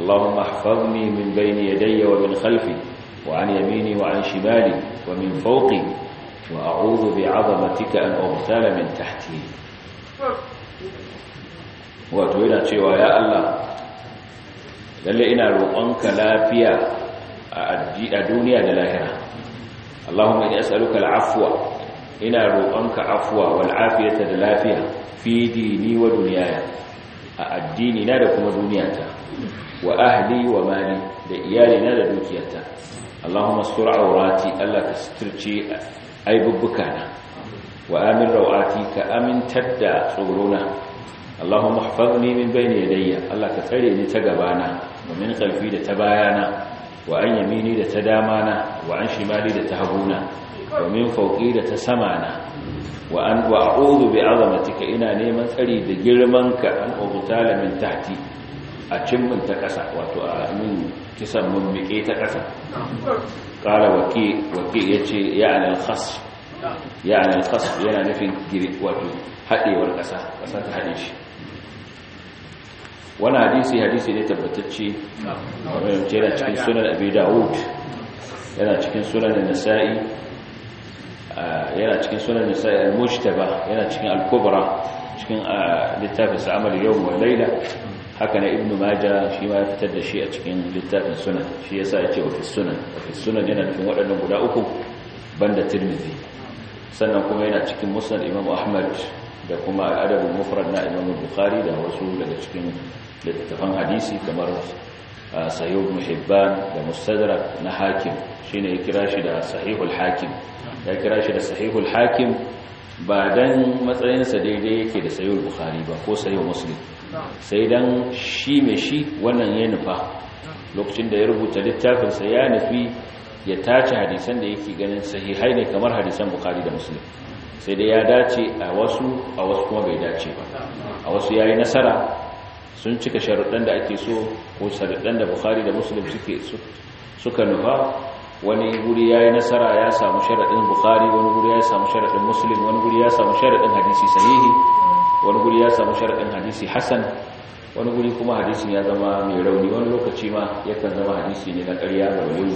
Allahumma ihfazni min bayni yadayya wa min khalfi وعن يميني وعن شمالي ومن فوقي وأعوذ بعظمتك أن أغتال من تحتي وتوينا cewa ya Allah lalle ina roƙonka lafiya a duniya da lahira Allahumma inni as'aluka al'afwa ina roƙonka afwa wal afiyata da lafiya fi dini wa dunyaya a addini na da kuma duniyata wa ahli wa mali da iyalina da dukiyata Allahumma astur awrati Allah ka suturce aibubbukana wa amin rawati ka amintar da tsorona Allahumma ihfazni min bayni yadayya Allah ka tsare ni ta gabana wa min khalfi da ta bayana wa an yamini da ta damana wa an shimali da ta haguna wa min fawqi da ta samana wa an wa'udhu bi'azamatika ina neman tsari da girmanka an ubtala min tahti a cin min ta ƙasa wato a min kisan mun miƙe ta ƙasa ƙara waki ya ce ya'anar khas ya'anar khas yana nufin girit wato haɗewar ƙasa ƙasa ta haɗe shi wani hadisi hadisi ne tabbatacce wani yana cikin sunan abu da'ud yana cikin sunan nasa'i yana cikin sunan nasa'i al-mujtaba yana cikin al-kubra cikin littafin sa'amal yau wa laila haka na ibnu maja shi ma ya fitar da shi a cikin littafin sunan shi yasa ya ce wa fi sunan fi sunan yana cikin waɗannan guda uku banda tirmidhi sannan kuma yana cikin musnad imam ahmad da kuma adabul mufrad na imam bukhari da wasu daga cikin littattafan hadisi kamar sahih ibn da mustadrak na hakim shine ya kira shi da sahihul hakim ya kira shi da sahihul hakim ba dan matsayinsa daidai yake da sahihul bukhari ba ko sahih muslim sai dan shi mai shi wannan ya nufa lokacin da ya rubuta littafinsa ya nufi ya tace hadisan da yake ganin sahihai ne kamar hadisan bukari da muslim sai dai ya dace a wasu a wasu kuma bai dace ba a wasu yayi nasara sun cika sharuɗan da ake so ko sharuɗan da bukari da muslim suke suka nufa wani guri yayi nasara ya samu sharaɗin bukari wani guri ya samu sharaɗin muslim wani guri ya samu sharaɗin hadisi sahihi wani guri ya samu sharaɗin hadisi Hassan wani guri kuma hadisin ya zama mai rauni wani lokaci ma yakan zama hadisi ne na ƙarya da wani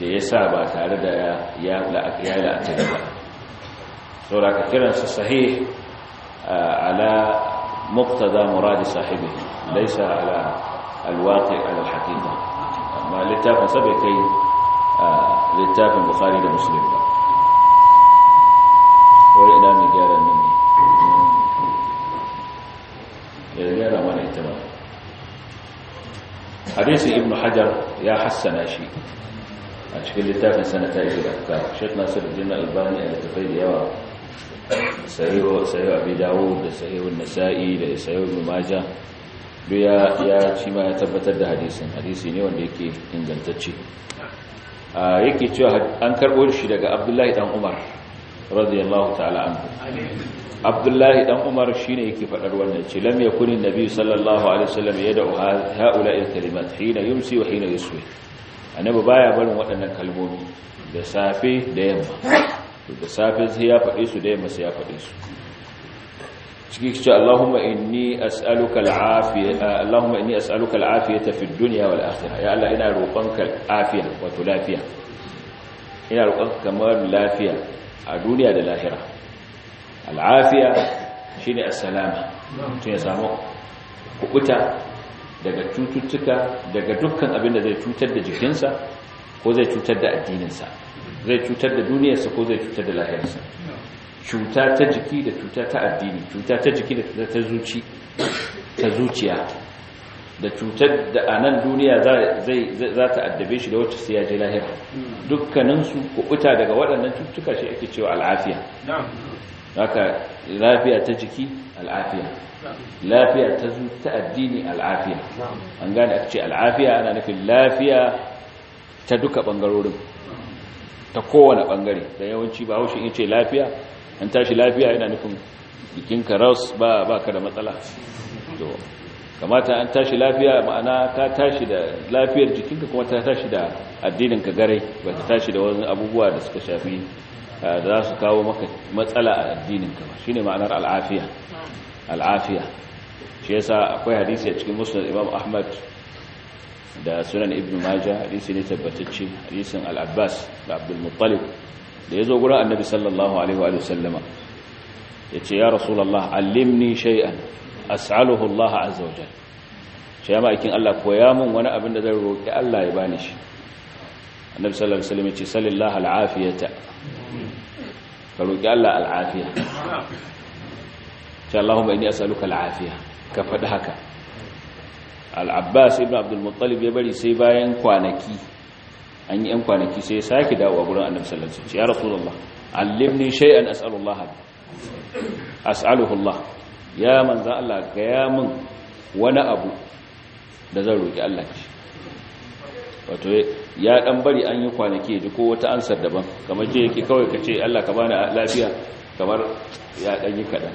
da ya sa ba tare da ya la'akari ba da ka kiransa sahi ala مقتضى مراد صاحبه ليس على الواقع على الحقيقة ما لتافن سبكي لتافن بخاري ومسلم hadisin ibnu hajar ya hassana shi a cikin littafin sanata ibn al-afkar shek nasir bin albani a littafai da yawa Sayo abi dawo da Sayo nasa'i da Sayo ibn biya ya ci ma ya tabbatar da hadisin hadisi ne wanda yake ingantacce yake cewa an karbo shi daga abdullahi dan umar radiyallahu ta'ala anhu abdullahi dan umar shine yake fadar wannan ce lam yakuni nabi sallallahu alaihi wasallam yad'u haula'i kalimat hina yumsi wa hina yuswi annabi baya barin waɗannan kalmomi da safe da yamma da safe sai ya faɗe su da yamma sai ya faɗe su cikin ce Allahumma inni as'aluka al'afiyata Allahumma inni as'aluka al'afiyata fid dunya wal akhirah ya Allah ina roƙonka wato lafiya ina roƙonka kamar lafiya a duniya da lahira al'afiya shi ne salama to ya samu kukuta daga cututtuka daga dukkan abinda zai cutar da jikinsa ko zai cutar da addininsa zai cutar da duniyarsa ko zai cutar da lahirarsa cuta ta jiki da cuta ta addini cuta ta jiki da cuta ta zuciya da cutar da a nan duniya za ta addabe shi da wacce sai ya je lahira dukkaninsu kuɓuta daga waɗannan cututtuka shi ake cewa al'afiya haka lafiya ta jiki al'afiya lafiya ta ta addini al'afiya an gane ake ce al'afiya ana nufin lafiya ta duka ɓangarorin ta kowane ɓangare da yawanci ba haushin ya ce lafiya an tashi lafiya yana nufin jikinka ras ba ka da matsala kamata an tashi lafiya ma'ana ka tashi da lafiyar jikinka kuma ta tashi da addininka garai ba ta tashi da wani abubuwa da suka shafi eh, da za su kawo maka matsala a addininka ba shine ma'anar al'afiya al'afiya shi yasa akwai hadisi a cikin musnad imam ahmad da sunan ibn maja hadisi ne tabbatacce hadisin alabbas abbas da abdul muttalib da yazo gurin annabi sallallahu alaihi wa sallama yace ya rasulallah allimni shay'an as'aluhu Allah azza wa jalla shi ya ma'aikin Allah koya mun wani abin da zan roki Allah ya bani shi annabi sallallahu alaihi wasallam ya ce sallallahu al'afiyata ka roki Allah al'afiya ce Allahumma inni as'aluka al'afiya ka faɗi haka al-Abbas ibn Abdul Muttalib ya bari sai bayan kwanaki an yi 'yan kwanaki sai ya sake dawo a gurin annabi sallallahu alaihi wasallam ya rasulullah allimni shay'an as'alullaha as'aluhu Allah ya manzan Allah gaya min wani abu da zan roƙi Allah ce wato ya ɗan bari an yi kwanaki ji ko wata ansar daban kamar je yake kawai ka ce Allah ka bani lafiya kamar ya ɗan yi kaɗan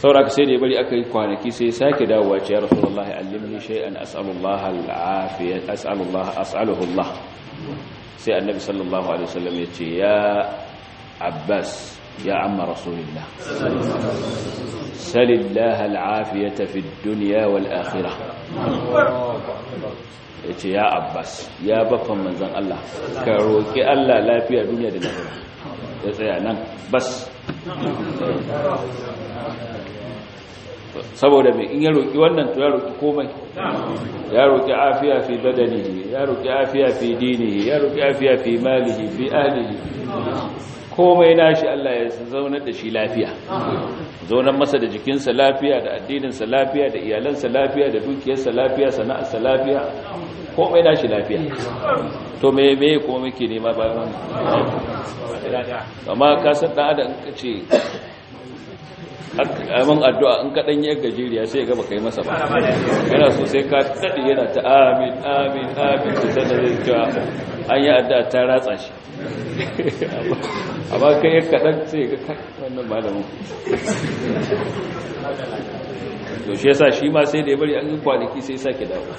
saura ka sai da ya bari aka yi kwanaki sai ya sake dawowa ce ya rasu Allah ya allimni an as'alullah al'afiyya as'alullah as'aluhu Allah sai annabi sallallahu alaihi wasallam ya ce ya Abbas يا عم رسول الله سل الله العافية في الدنيا والآخرة ya ce ya abbas ya bafan manzan Allah ka roƙi Allah lafiya duniya da lafiya ya tsaya nan bas saboda mai in ya roƙi wannan to ya roƙi komai ya roƙi afiya fi badanihi ya roƙi afiya fi dinihi ya roƙi afiya fi malihi fi ahlihi komai nashi Allah ya zaunar da shi lafiya zaunar masa da jikinsa lafiya da addininsa lafiya da iyalansa lafiya da dukiyarsa lafiya sana'arsa lafiya komai nashi lafiya to me me komai ke nema bayan wannan amma ka san dan adam ka ce amin addu'a in kaɗan yi gajeriya sai gaba kai masa ba yana so sai ka daɗi yana ta amin amin amin ta tana zai cewa an yi addu'a ta ratsa shi amma kai yi kaɗan sai ga kai wannan malamin to shi yasa shi ma sai da ya bari an yi kwanaki sai sake dawo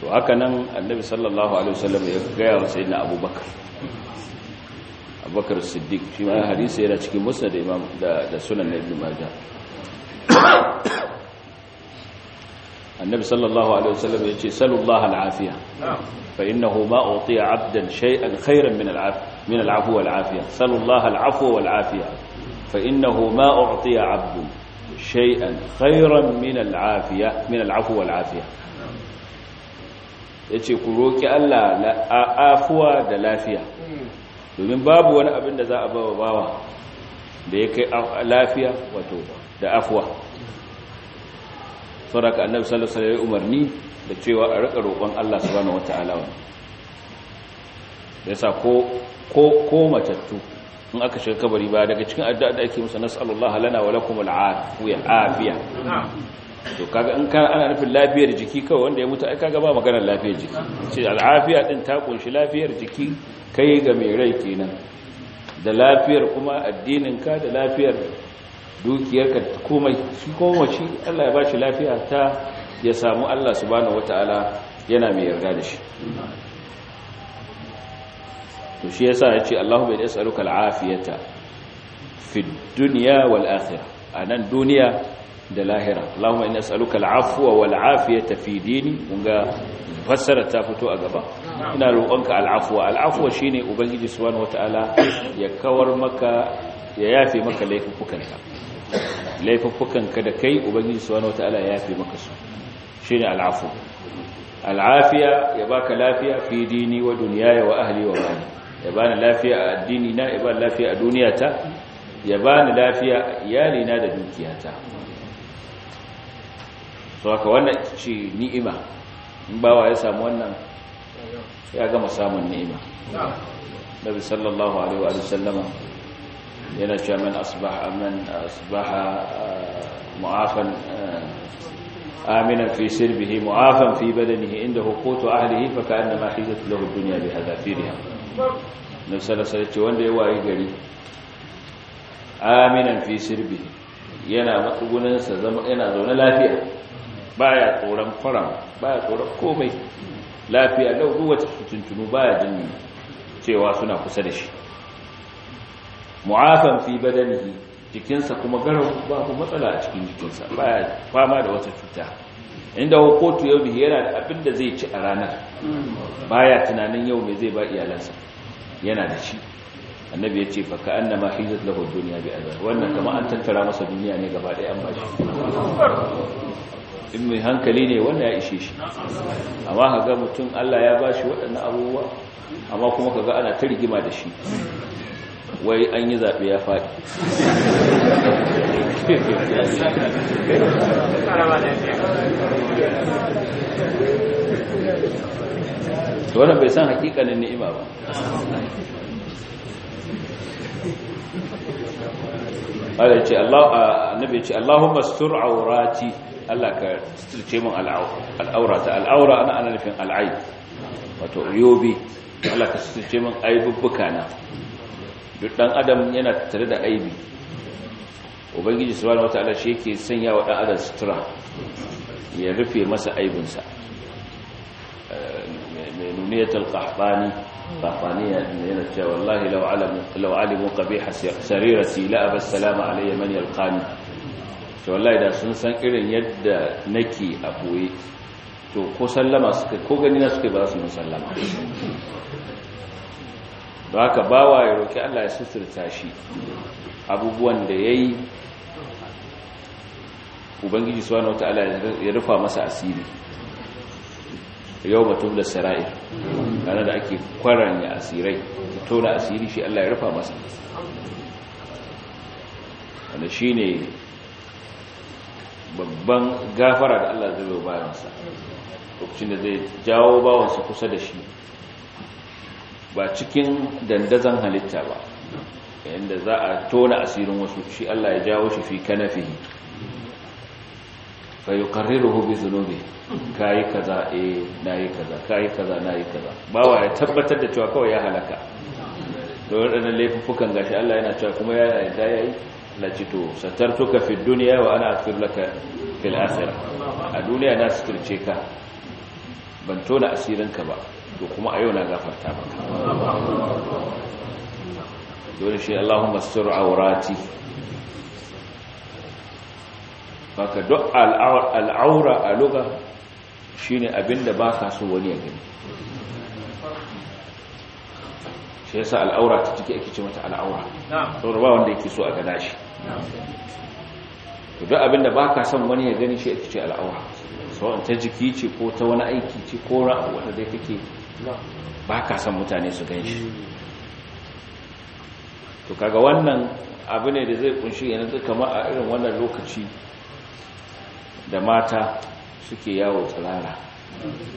to haka nan annabi sallallahu alaihi wasallam ya gaya wa sayyidina abubakar abubakar siddiq shi ma hadisi yana cikin musnad imam da sunan na ibn majah annabi sallallahu alaihi wasallam yace sallallahu al'afiya fa innahu ma utiya 'abdan shay'an khayran min al'af min al'afwi wal 'afiya sallallahu al'afwa wal 'afiya fa innahu ma utiya 'abdun shay'an khayran min al'afiya min al'afwi wal 'afiya yace ku roki Allah afuwa da lafiya domin babu wani abin da za a bawa bawa da ya kai lafiya wato da afuwa ka annabi sallallahu alaihi umarni da cewa a rika roƙon Allah subhanahu wataala wannan yasa ko ko ko matattu in aka shiga kabari ba daga cikin addu'a da ake musu nasallallahu lana wa lakum afiya to kaga in ka ana nufin lafiyar jiki kawai wanda ya mutu ai kaga ba maganar lafiyar jiki ce al'afiya din ta kunshi lafiyar jiki kai ga mai rai kenan da lafiyar kuma addinin ka da lafiyar dukiyarka komai shi wace Allah ya bashi lafiya ta ya samu Allah subhanahu wataala yana mai yarda da shi to shi yasa ya ce Allahu bai yas'aluka al'afiyata fi dunya wal akhirah anan duniya da lahira Allahumma ina as'aluka al'afwa wal afiyata fi dini kunga fassara ta fito a gaba ina roƙonka al'afwa al'afwa shine ubangiji subhanahu wataala ya kawar maka ya yafe maka laifukanka laifukanka da kai ubangiji subhanahu wataala ya yafe maka su shine al'afwa al'afiya ya baka lafiya fi dini wa dunyaya wa ahli wa mali ya bani lafiya a addini na ya bani lafiya a duniyata ya bani lafiya iyalina da dukiyata so haka wannan ce ni'ima in bawa ya samu wannan ya gama samun ni'ima nabi sallallahu alaihi wa sallama yana cewa man asbaha man asbaha eh, mu'afan آمنا في سربه معافا في بدنه عنده قوت أهله فكأنما حيزت له الدنيا بحذافيرها نفس سلسلة وانده يواهي قري آمنا في سربه yana yana zaune lafiya baya tsoron kwaram baya tsoron komai lafiya lau duwace tuntunu baya jin cewa suna kusa da shi mu'afan fi badanihi jikinsa kuma garau babu matsala a cikin jikinsa baya fama da wata cuta inda hukotu yau bihi yana da abin da zai ci a ranar baya tunanin yau mai zai ba iyalansa yana da shi annabi ya ce faka an na mahizat lahu duniya bi azar wannan kama an tattara masa duniya ne gaba ɗaya an bashi in mai hankali ne wanda ya ishe shi amma ga mutum Allah ya bashi waɗannan abubuwa amma kuma kaga ana ta rigima da shi wai an yi zaɓe ya faɗi wannan bai san hakikanin ni'ima ba Allah ce Allah nabi ce Allahumma stur Allah ka suturce min al'aura ta al'aura ana ana nufin al'aib wato yobi Allah ka suturce min aibubbuka na duk dan adam yana tattare da aibi ubangiji subhanahu wataala shi yake sanya wa dan adam sutura ya rufe masa sa aibinsa eh, mai nuniyatul qahbani قحطانية والله لو علموا, لو علموا قبيح سريرتي لأبى salama علي man يلقاني to wallahi da sun san irin yadda nake a boye to ko sallama suka ko gani na suka ba su mun sallama ba haka bawa ya roki Allah ya suturta shi abubuwan da yayi ubangiji subhanahu wataala ya rufa masa asiri yau ba tun da sarai ranar da ake kwaranya asirai tona asiri shi Allah ya rufa masa wanda shi ne babban gafara da Allah zai bayan bayansa lokacin da zai jawo bawansa kusa da shi ba cikin dandazon halitta ba yadda za a tona asirin wasu shi Allah ya jawo shi fi kanafi fa yuqarriruhu bi ka kai kaza eh nayi kaza kai kaza nayi kaza bawa ya tabbatar da cewa kawai ya halaka don wadannan laifukan gashi Allah yana cewa kuma ya yi na ci to satartuka fi duniya wa ana afir laka fil akhirah a duniya na suturce ka ban tona asirinka ba to kuma a yau na gafarta maka dole shi Allahumma sur awrati baka duk al'aura a luga shine abinda ba ka so wani ya gani shi yasa al'aura ta cike ake ce mata al'aura saboda ba wanda yake so a gana shi duk abinda da ka son wani ya gani shi ita ce al'aura sauran ta jiki ce ko ta wani aiki ce ko ra'a wanda dai kake ka son mutane su gan shi to kaga wannan abu ne da zai kunshi yanzu kama a irin wannan lokaci da mata suke yawo tsirara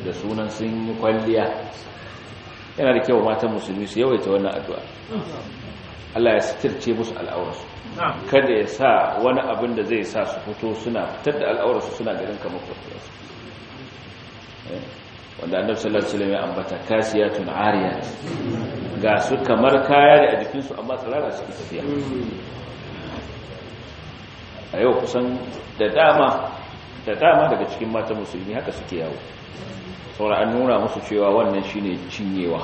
da sunan sun yi kwalliya yana da kyau matan musulmi su yawaita wannan addu'a Allah ya sitirce musu al'aurarsu kada ya sa wani abin da zai sa su fito suna fitar da al'aurarsu suna garin kamar kwakwiyarsu eh, wanda annabi sallallahu alaihi wasallam ya ambata kasiyatun ariyat ga su kamar kaya da a jikinsu amma tsarara su tafiya a yau kusan da dama da dama daga cikin matan musulmi haka suke yawo saboda an nuna musu cewa wannan shine cinyewa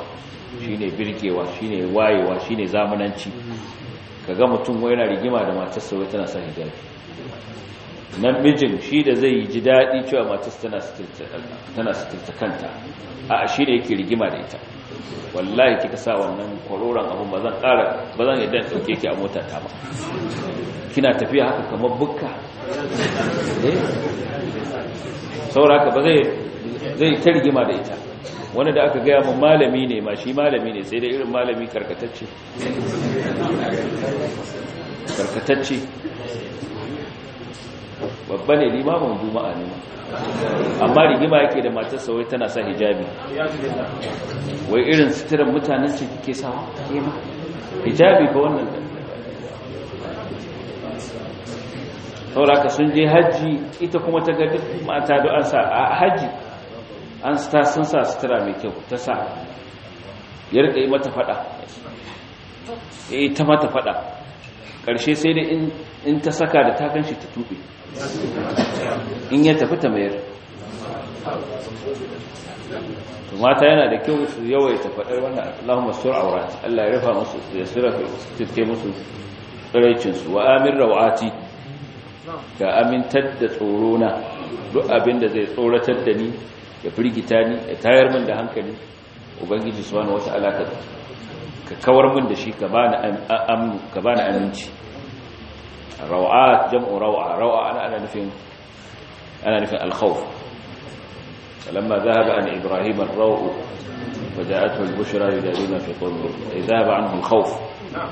Shi ne birgewa shi ne wayewa shi shine zamananci Ka ga mutum wa yana rigima da matarsa wai tana sa hijabi nan mijin shi da zai yi ji daɗi cewa matarsa tana tana kanta a shi ne yake rigima da ita wallahi kika sa wannan kwaroron abu. ba zan ƙara ba zan yadda ɗauke ki a mota ta ba kina tafiya haka kamar bukka eh? sauraka ba zai ta rigima da ita wani da aka gaya mun malami ne ma shi malami ne sai da irin malami karkatacce karkatacce babba ne limamin juma'a ne amma rigima yake da matar sawai tana sa hijabi wai irin suturan mutanen ce kike sawa kema hijabi ba wannan sauraka sun je hajji ita kuma ta ga duk mata da an sa a hajji an ta sun sa sutura mai kyau ta sa ya rika yi mata fada ya eh, yi ta mata fada ƙarshe sai dai in ta saka da takan shi ta tuɓe in ya tafi ta mayar mata yana da kyau su yawaita faɗar wannan Allahumma sur aurat Allah ya rufa musu ya sura tilke musu tsiraicin wa amin rawati ka amintar da tsoro na duk abin da zai tsoratar da ni ya firgita ni ya tayar min da hankali ubangiji subhanahu wata'ala ka ka kawar min da shi ka bani amnu ka bani aminci rawaat jam'u raw'a raw'a ana ana nufin ana nufin al-khawf lamma dhahaba an ibrahim ar-raw'u wa وجاءته البشرى يجادلنا في قوم لوط ذهب عنه الخوف نعم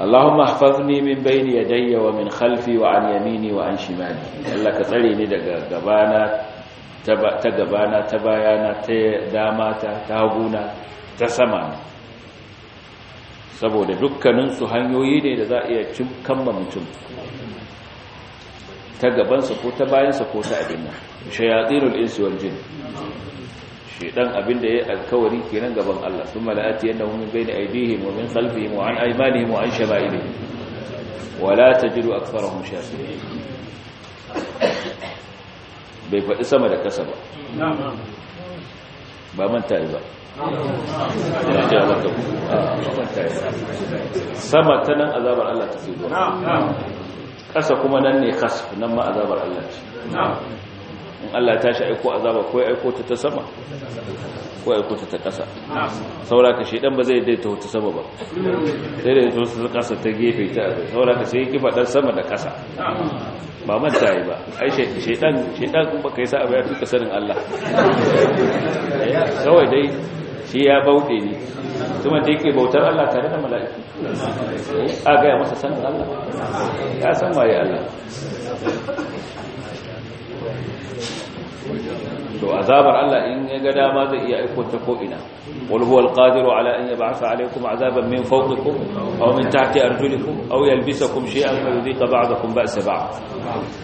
Allahumma hafazni min bayni yadayya wa min khalfi wa an yamini wa an shimali Allah ka tsare ni daga gabana ta gabana ta bayana ta dama ta taguna ta sama saboda dukkaninsu hanyoyi ne da za a iya kamma mutum ta gabansa ko ta bayansa ko ta abin nan shayatinul insu wal jin shedan abinda yayi alkawari kenan gaban Allah thumma la'ati annahum min bayni aydihim wa min khalfihim wa an aymanihim wa an shama'ilihim wa la tajidu aktharahum shakirin bai faɗi sama da kasa ba ba manta ba sama ta nan azabar Allah ta zuwa ƙasa kuma nan ne kasf nan ma azabar Allah ce in Allah ta shi aiko azaba ko aiko ta ta sama ko aiko ta ta ƙasa sauraka shi dan ba zai daita wata sama ba sai da ita ta kasa ta gefe ta sauraka sai kifa dan sama da ƙasa ba manta yi ba ai shaidan shaidan ba kai sa abu ya tuka sanin Allah kawai dai shi ya bauɗe ne kuma da yake bautar Allah tare da mala'iku a gaya masa sanin Allah ya san waye Allah to azabar Allah in ya ga dama zai iya aiko ta ko ina wal huwa alqadiru ala an yab'atha alaykum azaban min fawqikum aw min tahti arjulikum aw yalbisakum shay'an fa ba'dakum ba'sa ba'd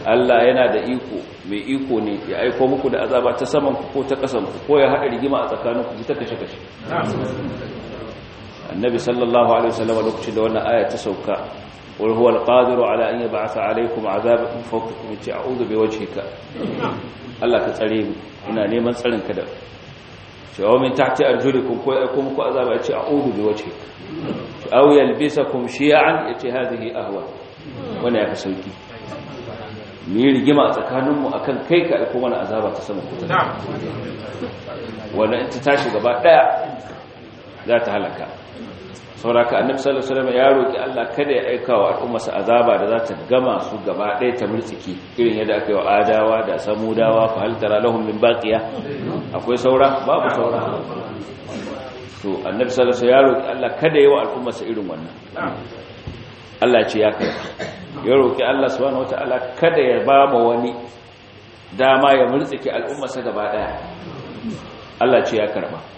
Allah yana da iko mai iko ne ya aiko muku da azaba ta saman ku ko ta kasan ku ko ya hada rigima a tsakanin ku ta kashe kashe annabi sallallahu alaihi wasallam lokacin da wannan aya ta sauka قل هو القادر على أن يبعث عليكم عذابا من فوقكم يتي أعوذ بوجهك الله كتريم إنا نيمان سألن كده ومن تحت أرجلكم كلكم كأذاب يتي أعوذ بوجهك أو يلبسكم شيعا يتي هذه أهوى وانا يفسوكي ni rigima a tsakaninmu a kan kai ka aiko mana azaba ta sama kuta wannan ta tashi gaba daya za ta halaka sauraka annabi sallallahu alaihi wasallam ya roki Allah kada ya aika wa al'ummarsa azaba da za ta gama su gaba ɗaya ta murtsiki irin yadda aka yi wa adawa da samudawa fa hal tara lahum min baqiya akwai saura babu saura to annabi sallallahu alaihi wasallam ya roki Allah kada ya wa al'ummarsa irin wannan Allah ce ya kai ya roki Allah subhanahu wataala kada ya ba mu wani dama ya murtsiki al'ummarsa gaba ɗaya Allah ce ya karba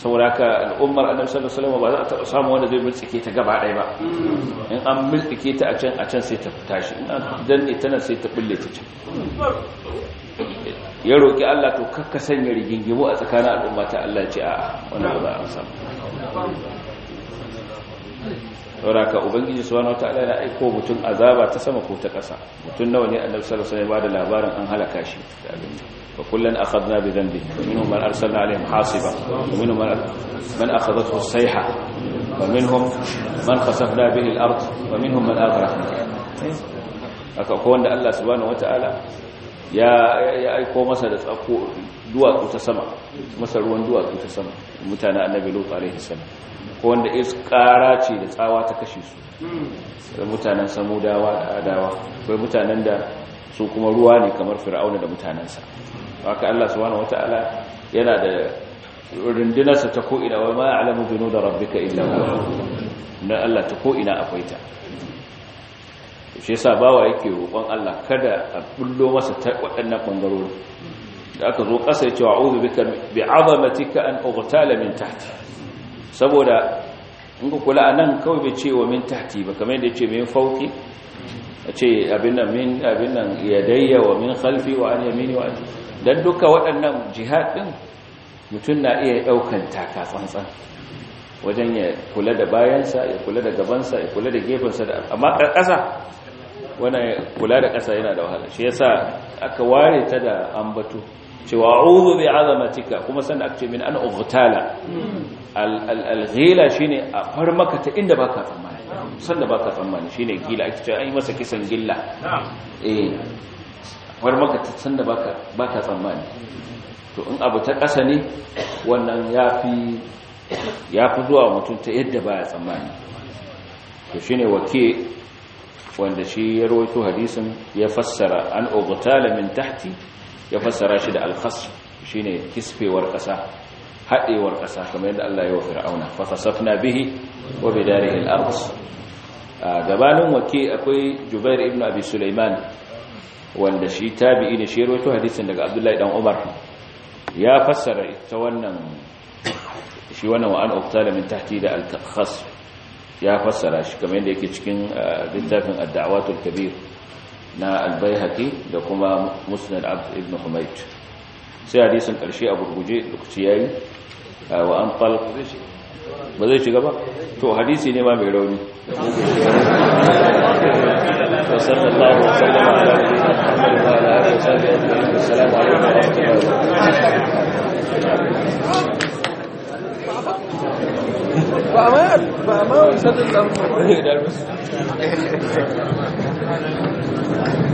saboda haka al'ummar annabi sallallahu alaihi wasallam ba za ta samu wanda zai mulke ta gaba ɗaya ba in an mulke ta a can a can sai ta fita shi in an danne ta nan sai ta bulle ta can ya roki Allah to kakka sanya rigingimu a tsakanin al'umma ta Allah ce a wannan ba za a samu sauraka ubangiji subhanahu wataala ya aiko mutum azaba ta sama ko ta ƙasa mutum nawa ne annabi sallallahu alaihi wasallam ya bada labarin an halaka shi وكلا أخذنا بذنبه منهم من أرسلنا عليهم حاصبا ومنهم من أخذته الصيحة ومنهم من خسفنا به الأرض ومنهم من أغرقنا akwai wanda Allah subhanahu wataala ya ya aiko masa da tsako duwatsu ta sama masa ruwan duwatsu ta sama mutanen annabi lut alaihi salam ko wanda iskara ce da tsawa ta kashe su mutanen samudawa da adawa akwai mutanen da su kuma ruwa ne kamar fir'auna da mutanansa haka Allah subhanahu wataala yana da rundunarsa ta ko'ina wa ma alamu junuda rabbika illa na Allah ta ko'ina akwai ta shi yasa bawa yake roƙon Allah kada a bullo masa ta waɗannan bangarori da aka zo ƙasa ya ce a'udhu bika bi'azamatika an ughtala min tahti saboda in ku kula nan kawai bai ce wa min tahti ba kamar yadda ya min fauki a ce abin nan min abin nan yadayya wa min khalfi wa an yamini wa an don duka waɗannan jihad ɗin mutum na iya ɗaukan taka tsantsan wajen ya kula da bayansa ya kula da gabansa ya kula da gefensa da amma ƙasa wani kula da ƙasa yana da wahala shi yasa aka ware ta da ambato cewa uzu bi azamatika kuma san aka ce min an ughtala al-ghila shine a farmaka ta inda baka tsammani san da baka tsammani shine gila ake cewa an yi masa kisan gilla eh war maka tattan ba baka tsammani to in abu ta ƙasa ne wannan ya fi zuwa mutum ta yadda ba ya tsammani to shi ne wake wanda shi ya rawaito hadisin ya fassara an ogutala min tahti ya fassara shi da alkhas shi ne kisfewar ƙasa haɗewar ƙasa kamar yadda Allah ya wa fir'auna fa fasafna bihi wa bidarihi al gabanin wake akwai Jubair ibn Abi Sulaiman wanda shi tabi'i ne shi rawaito hadisin daga abdullahi dan umar ya fassara ita wannan shi wannan wa'an uqtala min tahti da al-takhas ya fassara shi kamar yadda yake cikin eh, littafin ad-da'watul kabir na al-baihaqi da kuma musnad abd ibn humayt sai hadisin karshe a burguje lokaci yayi eh, wa an talq ba zai shiga ba to hadisi ne ma mai rauni (laughs) sallallahu alaihi wa sallam وصحبه وعلى سد الله